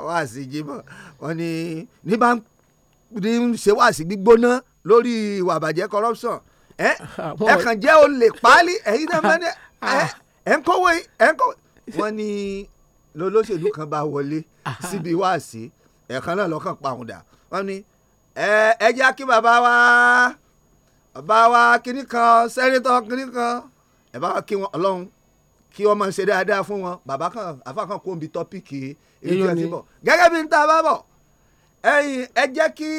wáàsí jímọ̀ wọ́n ní ní bá ń ṣe wáàsí gbígbóná lórí ìwà àbàjẹ́ corruption ẹ ẹ kàn jẹ́ olè páálí ẹ̀yin náà máa ní ah. ẹ̀ ń kówó ẹ̀ ń kówó wọ́n ní lọ́lọ́ṣèlú kan bá wọlé ah. síbi wáàsí ẹ̀ẹ̀kan náà lọ́kàn pàwùdà wọ́n ní ẹ jẹ́ kí bàbá wa bàbá wa kíní kan sẹ́nitọ́ kíní kan ẹ̀ bá wa kí wọn ọlọ́run kí ọmọ ṣe dáadáa fún wọn bàbá kan àfa kan kó ń bi èyí tí wọ́n ti bí n ta bá bọ̀ ẹ̀yin ẹ jẹ́ kí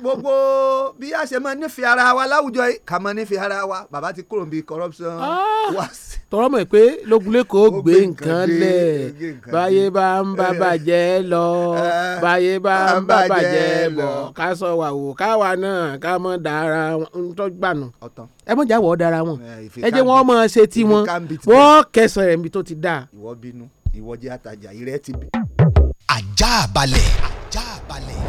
gbogbo bí a ṣe máa nífẹ̀ẹ́ ara wa láwùjọ yìí kà máa nífẹ̀ẹ́ ara wa bàbá ti kúrò níbi corruption ah! wàásù tọrọ mọ̀ pé lógúnlẹ́kọ̀ ó gbé nǹkan lẹ̀ báyé bá ń bá eh, eh. bàjẹ́ lọ ah, báyé bá ń bá bàjẹ́ bọ̀ ká sọ wà wò káwa náà ká mọ̀ dára ntọ́gbànú ẹ mọ̀ jáwọ́ dára wọn eh, ẹ jẹ́ wọ́n mọ̀ ṣe tí wọn wọ́n kẹsàn-án rẹ̀ tó ti dáa. ìwọ bínú ìwọ jẹ́ àtàjà ìrẹ́ ti bì. ajá balẹ̀ ajá balẹ̀.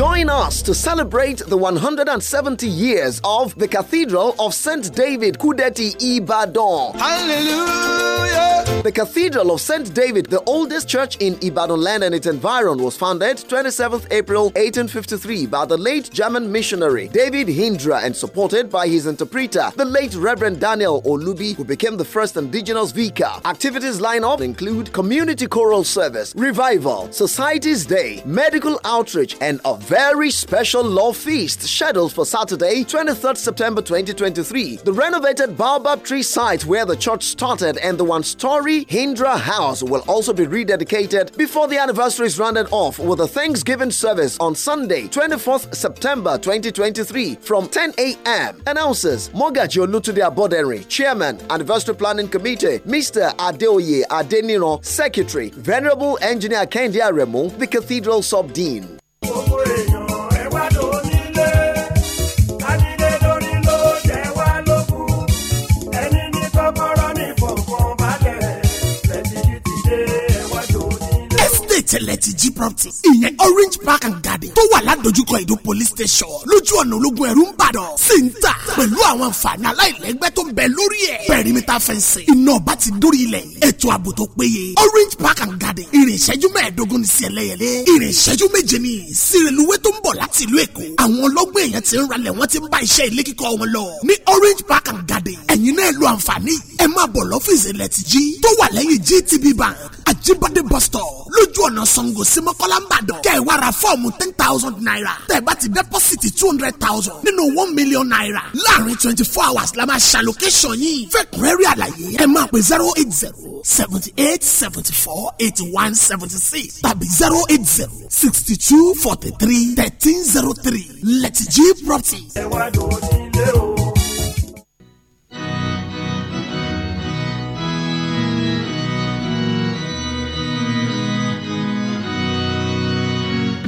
Join us to celebrate the 170 years of the Cathedral of St. David Kudeti Ibadan. Hallelujah! The Cathedral of St. David, the oldest church in Ibadan land and its environs, was founded 27th April 1853 by the late German missionary David Hindra and supported by his interpreter, the late Reverend Daniel Olubi, who became the first indigenous vicar. Activities lineup include community choral service, revival, society's day, medical outreach, and a very special law feast scheduled for Saturday, 23rd September 2023. The renovated Baobab Tree site where the church started and the one story Hindra House will also be rededicated before the anniversary is rounded off with a Thanksgiving service on Sunday, 24th September 2023 from 10 a.m. Announces Mogaji Olutude Abodenri, Chairman, Anniversary Planning Committee, Mr. Adeoye Adeniro, Secretary, Venerable Engineer Kendia Remo, the Cathedral Sub-Dean. estate g property ìyẹn orange park and garden tó wà ládojúkọ ìdó police station lójú ọ̀nà ológun ẹ̀rú ń bàdàn sí ń tà pẹ̀lú àwọn àǹfààní aláìlẹ́gbẹ́ tó ń bẹ lórí ẹ̀. pẹ̀rímítà fẹ́ǹsì iná ọba ti dórí ilẹ̀ ètò ààbò tó péye orange park and garden ìrìn ìṣẹ́jú mẹ́ẹ̀ẹ́dógún ní sí ẹlẹ́yẹlé ìrìn ìṣẹ́jú méje ní sírẹ̀lúwẹ́ tó ń bọ̀ láti ìlú èkó àwọn ọlọ́gbọ́n èèyàn ti ń ralẹ̀ wọ́n ti ń bá iṣẹ́ ilé kíkọ́ wọn lọ ní orange park and garden ẹ̀yin náà lo àǹfààní ẹ máa bọ̀ lọ́fíìsì lẹ́tìjí tó wà lẹ́yìn GTB bank àjíbádé bus stop lójú ọ̀nà Ṣàngó sí Mọ́kọ́lá ń bàdàn kẹ́ ẹ wá ra ten thousand naira tẹ̀ bá ti deposit two hundred thousand nínú one million naira láàrin twenty four hours la máa ṣàlókẹ́sọ̀n yìí fẹ́kùnrẹ́rì àlàyé ẹ máa pè zero eight zero seventy eight seventy four eighty one seventy six tàbí zero eight zero sixty two forty three thirteen zero three let's g property. ẹ wá lóde ilé o.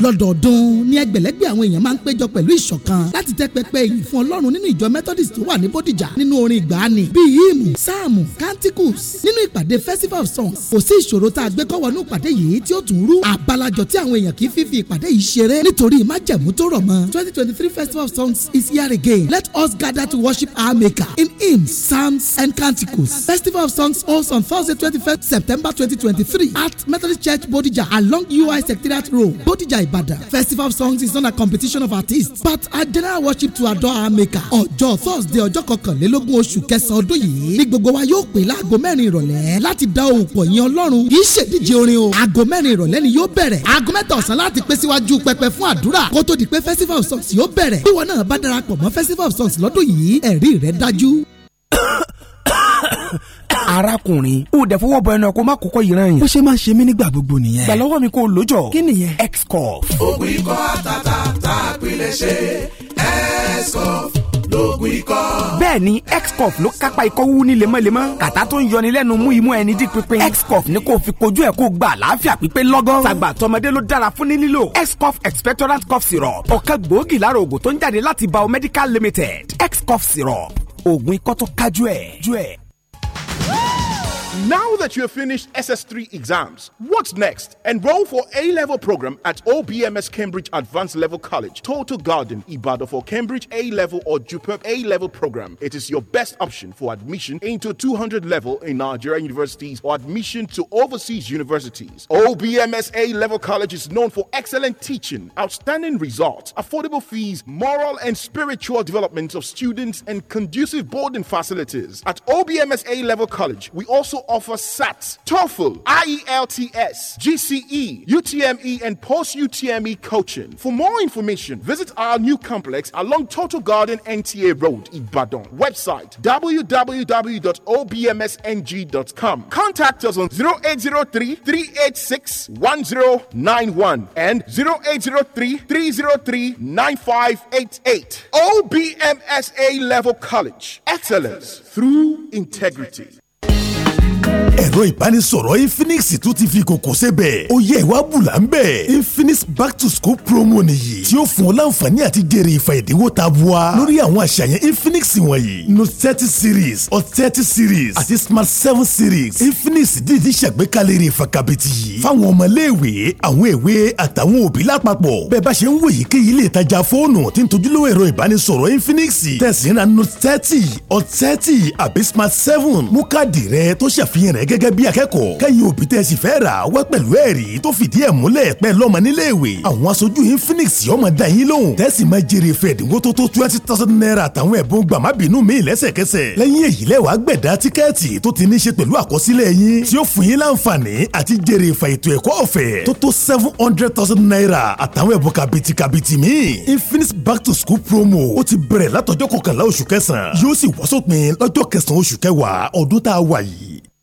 lọ́dọọdún ní ẹgbẹ̀lẹ́gbẹ̀ àwọn èèyàn máa ń péjọ pẹ̀lú ìṣọ̀kan láti tẹ́ pẹpẹ ìyìn fún ọlọ́run nínú ìjọ methodist tó wà ní bódìjà nínú orin ìgbàanì bíi hymn sáàmù canticles nínú ìpàdé festival of songs kò sí ìṣòro tá a gbé kọ́ wọnú ìpàdé yìí tí ó tún rú àbálàjọ tí àwọn èèyàn kì í fífi ìpàdé yìí ṣeré nítorí májẹ̀mú tó rọ̀ mọ́ twenty twenty three festival of songs is here again let us gather to worship our maker in hymns psalms and canticles festival of songs holds on thursday twenty september twenty at methodist church bódìjà along ui secretariat road bódìjà Ibadan. Festival of Songs is not a competition of artists but a general worship to adore our maker. Ọjọ́ Thursday ọjọ́ kọkànlélógún oṣù kẹsàn-án ọdún yìí ni gbogbo wa yóò pè láago mẹ́rin ìrọ̀lẹ́ láti dá òòpọ̀ yẹn Ọlọ́run kì í ṣèdíje orin o. Aago mẹ́rin ìrọ̀lẹ́ ni yóò bẹ̀rẹ̀. Aago mẹ́ta ọ̀sán láti pé síwájú pẹpẹ fún àdúrà kó tó di pé Festival of Songs yóò bẹ̀rẹ̀. Bí wọn náà bá darapọ̀ mọ́ Festival of Songs lọ́dún yìí ẹ̀rí rẹ̀ dájú arákùnrin o dẹ̀ fọwọ́ bọ ẹnu ọkọ má kókó yìí yẹn. bó ṣe máa ń ṣe mí nígbà gbogbo nìyẹn. gbà lọ́wọ́ mi kò lójọ. kí nìyẹn X-Cough. oògùn àtàtà tá a pilẹ̀ ṣe X-Cough lóògùn ikọ́. bẹ́ẹ̀ni ló kápá ikọ́ wúwú ní lemọ́lemọ́ kàtá tó ń yọni lẹ́nu mú imú ẹni dí pínpín. x ni kò fi kojú ẹ̀ kó gba àlàáfíà pípé lọ́gán. tàgbà tọmọdé ló dára fún ní lílò. x expectorant cough syrup ọ̀kan gbòógì lára oògùn tó ń jáde láti biomedical limited x syrup oògùn ikọ́ tó kájú ẹ̀. Now that you have finished SS3 exams, what's next? Enroll for A-level program at OBMS Cambridge Advanced Level College, Total Garden, Ibadan for Cambridge A-level or Jupiter A-level program. It is your best option for admission into 200 level in Nigerian universities or admission to overseas universities. OBMS A-level college is known for excellent teaching, outstanding results, affordable fees, moral and spiritual development of students and conducive boarding facilities. At OBMS A-level college, we also offer offer SAT, TOEFL, IELTS, GCE, UTME, and post UTME coaching. For more information, visit our new complex along Total Garden NTA Road, Ibadan. Website www.obmsng.com. Contact us on 0803 386 1091 and 0803 303 9588. OBMSA Level College. Excellence through integrity. ẹ̀rọ ìbánisọ̀rọ̀ infinix tún ti fi kòkò sébẹ̀ ó yẹ ìwà bùlà ń bẹ̀ infinix back to school promo nìyí tí ó fún ọ láǹfààní àti jèrè ìfà ìdíwọ́ ta bua lórí àwọn àṣàyàn infinix wọ̀nyí note thirty series or thirty series àti smart seven series infinix dìde ṣàgbékalẹ̀ rẹ̀ fàkàbìtì yìí fáwọn ọmọléèwé àwọn èwe àtàwọn òbí lápapọ̀ bẹ́ẹ̀ bá ṣe ń wòye kí ilé ìtajà fóònù tí ń tojúlówó ẹ̀rọ ìbánisọ̀rọ̀ infinix tẹ̀sí ra note thirty or thirty àbí smart seven mú káàdì rẹ tó ṣàfihàn rẹ rẹ̀ gẹ́gẹ́ bí akẹ́kọ̀ọ́ kẹ́yìn òbí tẹ́ sì fẹ́ rà wá pẹ̀lú ẹ̀rí tó fìdí ẹ̀ múlẹ̀ pẹ́ lọ́mọ nílé ìwé àwọn aṣojú Infinix yóò máa dá yín lóhùn tẹ́sí máa jèrè fẹ̀dínwó tó tó twenty thousand naira àtàwọn ẹ̀bùn gbàmábìínú mi lẹ́sẹ̀kẹsẹ̀ lẹ́yìn èyí lẹ́wàá gbẹ̀dá tíkẹ́ẹ̀tì tó ti ní ṣe pẹ̀lú àkọsílẹ̀ yín tí ó fún yín láǹfààní àti jèrè ìfà ètò ẹ̀kọ́ ọ̀fẹ́ tó tó seven hundred thousand naira àtàwọn ẹ̀bùn kàbìtì kàbìtì mi Infinix back to school promo ó ti bẹ̀rẹ̀ látọjọ́ kọkànlá oṣù kẹsàn-án yóò sì wá sópin lọ́jọ́ kẹsàn-án oṣù kẹwàá ọdún tá a wà yìí.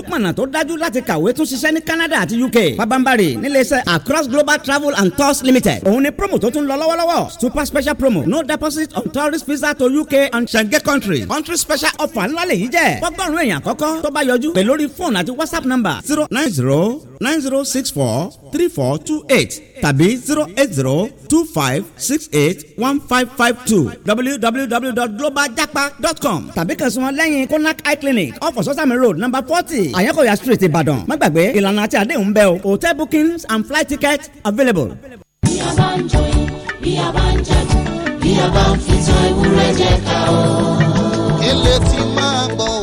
lójúpọ̀nà tó dájú láti kàwé tún ṣiṣẹ́ ní Canada àti UK pabambari níléeṣẹ́ Across Global Travel and Tours Limited òun ni promo tó tún lọ lọ́wọ́lọ́wọ́ super special promo no deposit on tourist visa to UK and Schengen country country special offer ńlá lèyí jẹ́ fọ́gbọ́n èèyàn àkọ́kọ́ tó bá yọjú pè lórí fóònù àti WhatsApp number zero nine zero nine zero six four three four two eight tàbí zero eight zero two five six eight one five five two www.globaljapa.com tàbí kàn sí wọn lẹ́yìn konak eye clinic off of Sosami road number forty Ìbàdàn àyànkòyà street Ìbàdàn má gbàgbé ìlànà àti àdéhùn bẹ́ẹ̀ o hotel bookings and flight tickets available. bí a bá ń jọyìn bí a bá ń jàdù bí a bá ń fi tan ewúrẹ́ jẹ́ ká o. kí lè ti máa gbọ́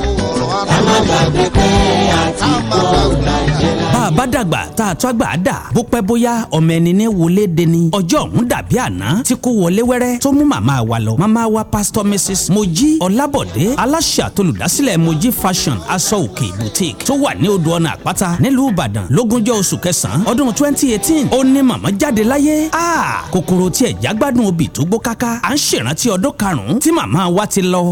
má gbàgbé pé àti kọ́ ọ̀gbà ìjẹ́lá. bá a bá dàgbà tá a tọ́ àgbà dà bó pẹ́ bóyá ọmọ ẹni ní wọlé deni ọjọ́ òun dàbí àná tí kò wọlé wẹ́rẹ́ tó mú màmá wa lọ màmá wa pastor mrs mojí ọlábọ̀dé aláṣẹ àtolùdásílẹ̀ mojí fashion aṣọ òkè boutique tó wà ní odò ọ̀nà àpáta nílùú ìbàdàn lógúnjọ́ oṣù kẹsàn-án ọdún twenty eighteen ó ní màmá jáde láyé kòkòrò tiẹ̀ jágbádùn obì tó gbó káká à ń ṣèrántí ọdún karùn-ún tí màmá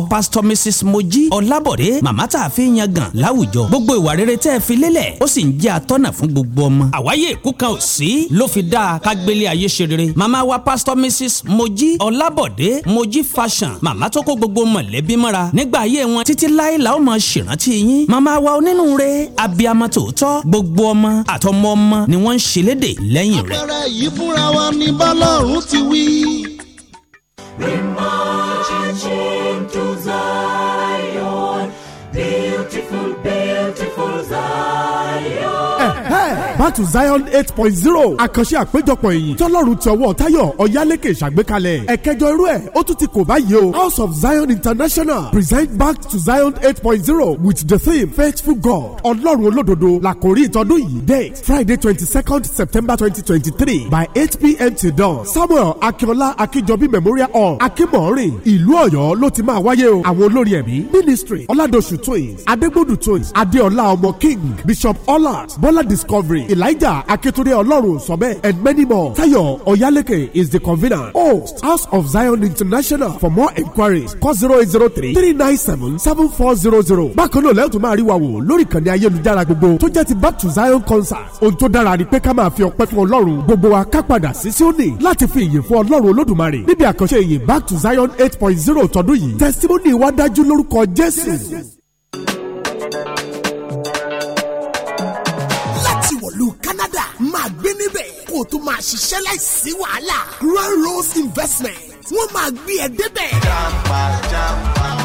pastor mrs mojí ọlábọ̀dé màmá tá a fi yangàn láwùjọ gbogbo ìwà rere tẹ́ ẹ fi lélẹ̀ ó sì ń jẹ́ atọ́nà fún gbogbo ọmọ. àwáyé ìkú kan ò sí ló fi dáa ká ayé ṣe rere màmá wa pásítọ̀ mrs mojí ọlábọ̀dé mojí fashion màmá tó kó gbogbo mọ̀lẹ́bí mọ́ra nígbà ayé wọn títí láé la máa ṣèrántí yín màmá wa onínúure abiyamọ tòótọ́ gbogbo ọmọ àtọmọ ọmọ ni wọ́n ń ṣèlédè lẹ́yìn rẹ̀. àpẹẹrẹ yìí fúnra wa ní bọ́lọ́run back to zion eight point zero àkànṣe àpéjọpọ̀ èyí tọ́lọ́run ti ọwọ́ táyọ̀ ọ̀yálékè ṣàgbékalẹ̀ ẹ̀kẹjọ irú ẹ̀ ó tún ti kò báyìí o house of zion international present back to zion eight point zero with the theme faithful god ọlọ́run olódodo làkòrí ìtọ́dún yìí date friday twenty second september twenty twenty three by eight pm till dawn samuel akínọlá akijobi memorial hall akínmọ̀ọ́rìn ìlú ọ̀yọ́ ló ti máa wáyé o àwọn olórí ẹ̀mí ministry Oladosu twins adégbòdù twins Adeola ọmọ king bishop ollard bola discovery Elijah Akitunde Ọlọ́run sọ and many more. Tayo Oyaleke is the convener. Host House of Zion International. For more inquiries call zero eight zero three three nine seven seven four zero zero. Bákan náà lẹ́yìn tó máa rí wa wò lórí ìkànnì ayélujára gbogbo tó jẹ́ ti Back to Zion concert. Ohun tó dára ni pé ká máa fi ọpẹ́ fún Ọlọ́run gbogbo wa ká padà sí Síónì láti fi ìyìn fún Ọlọ́run Olódùmarè níbi àkànṣe ìyìn Back to Zion eight point zero tọdún yìí. Testimony wa dájú lórúkọ Jésù. gbé níbẹ̀ kó o tún máa ṣiṣẹ́ láìsí wàhálà grand rose investment wọ́n máa gbé ẹ débẹ̀. jàǹpà jàǹpà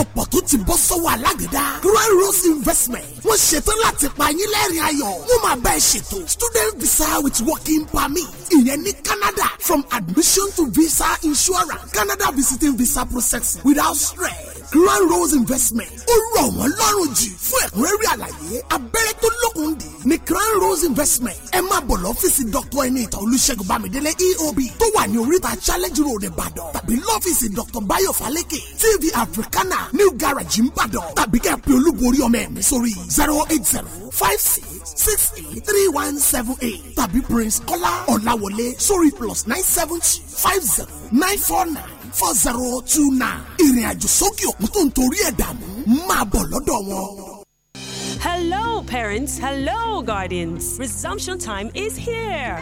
ọ̀pọ̀ tó ti bọ́ sọ́wọ́ alágbèdá grand rose investment wọ́n ṣetán láti pa yín lẹ́rìn ayọ̀ wọ́n máa bẹ́ẹ̀ ṣètò student visa with working permit ìyẹn ní Canada from admission to visa insurance Canada visiting visa processing without stress grand rose investment ó rọ̀ wọ́n lọ́rùn jù fún ẹ̀kúnrẹ́rẹ́ àlàyé abẹ́rẹ́ tó lókun dì ní grand rose investment ẹ máa bọ̀ lọ́fíìsì dr ẹni ìtàn olùṣègùn bámidélé eob tó wà ní oríta challenge road ìbàdàn tàbí lọ́fíìsì dr bayo falẹ́kẹ̀ tv africana new garage nìbàdàn tàbí kẹ́ ẹ pé olúborí ọmọ ẹ̀mí sórí zero eight zero five six six eight three one seven eight tàbí prince kọ́lá ọ̀làwọlé sórí plus nine seven two five zero nine four nine four zero two nine ìrìn àjò sókè òkun tó ń torí ẹ̀ dààmú máa bọ̀ lọ́dọ̀ wọn. parents. Hello, guardians. Resumption time is here.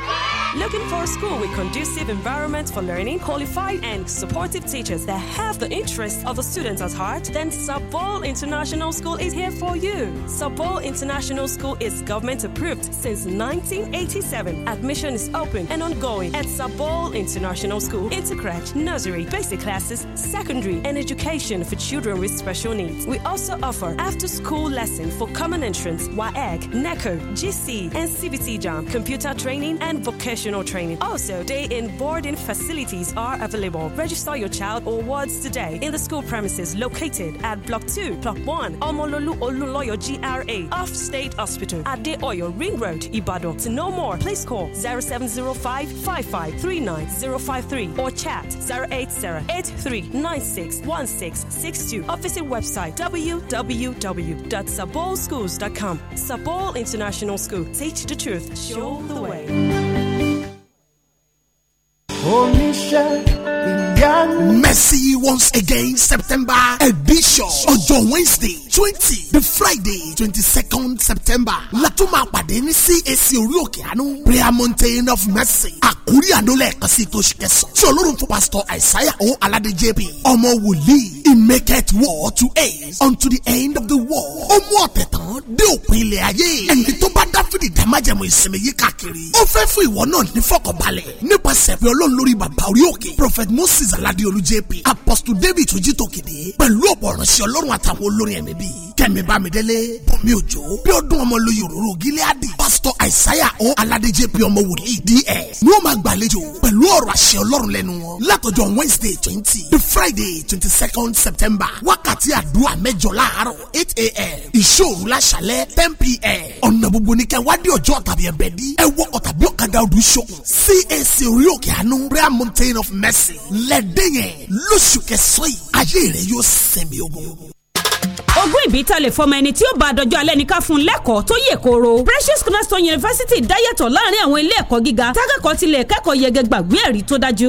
Looking for a school with conducive environment for learning, qualified and supportive teachers that have the interests of the students at heart? Then Sabol International School is here for you. Sabol International School is government approved since 1987. Admission is open and ongoing at Sabol International School. Intercret, nursery, basic classes, secondary, and education for children with special needs. We also offer after school lesson for common entrance, WAEC, NECO, GC, and CBT Jam, computer training and vocational training. Also, day in boarding facilities are available. Register your child or wards today in the school premises located at Block 2, Block 1, Omololu Oluloyo GRA, Off State Hospital, at Oyo Ring Road, Ibadan. To know more, please call 0705 5539053 or chat 080 Official website www.sabolschools.com. Sapol International School. Teach the truth, show the way. Oh, Michelle. again. Mercy once again September edition ọjọ́ Wednesday twenty the Friday twenty-second September látúmọ̀ àpàdé ní CAC orí òkè àánú prayer mountain of mercy àkúrí àánú lẹ́ẹ̀kan sí tó ṣe kẹsàn-án tí Ọlọ́run fún pastor Isaiah O Alade JP ọmọ wòlíì he it war to end unto the end of the war ó mú ọ̀tẹ̀ tán dé òpin ilẹ̀ ayé ẹni tó bá Dáfídì dá májẹ̀mú ìsinmi yìí káàkiri ó fẹ́ fún ìwọ náà ní fọkànbalẹ̀ nípasẹ̀ pé Ọlọ́run lórí bàbá orí òkè prophet Moses ala Ládéolú JP Apostle David Tuji Tòkìdé pẹ̀lú ọ̀pọ̀ ìránṣẹ́ Ọlọ́run àtàwọn olórin ẹ̀mí bíi Kẹ́mi Bámidélé Bùnmi Òjó bí ọdún ọmọ lóye òróró Gíleádì Pásítọ̀ Àìsáyà O Aládé JP ọmọ wòlíì DS ni wọ́n máa gbàlejò pẹ̀lú ọ̀rọ̀ àṣẹ Ọlọ́run lẹ́nu wọn látọjọ́ Wednesday twenty to Friday twenty second September wákàtí àdúrà mẹ́jọ láàárọ̀ eight a.m. ìṣòro láṣálẹ́ ten p.m. ọ̀nà gbogbo ní kẹ́ wádìí ọjọ́ tàbí ẹ̀bẹ̀ dí ẹ wọ́kọ̀ tàbí ọ̀kadà ọdún ṣokùn CAC orí òkè àánú Prayer Mountain of Mercy lẹ́d dé yẹn lóṣù kẹsàn yìí ayé rẹ yóò sẹ́mi ogun ogún ìbítalẹ̀ fọmọ ẹni tí ó bá àdọ́jọ́ alẹ́ ní ká fún lẹ́kọ̀ọ́ tó yẹ kóró. Precious Cornerstone University dáyàtọ̀ láàrin àwọn ilé ẹ̀kọ́ gíga tákàkọ́ tilẹ̀ kẹ́kọ̀ọ́ yege gbàgbé ẹ̀rí tó dájú.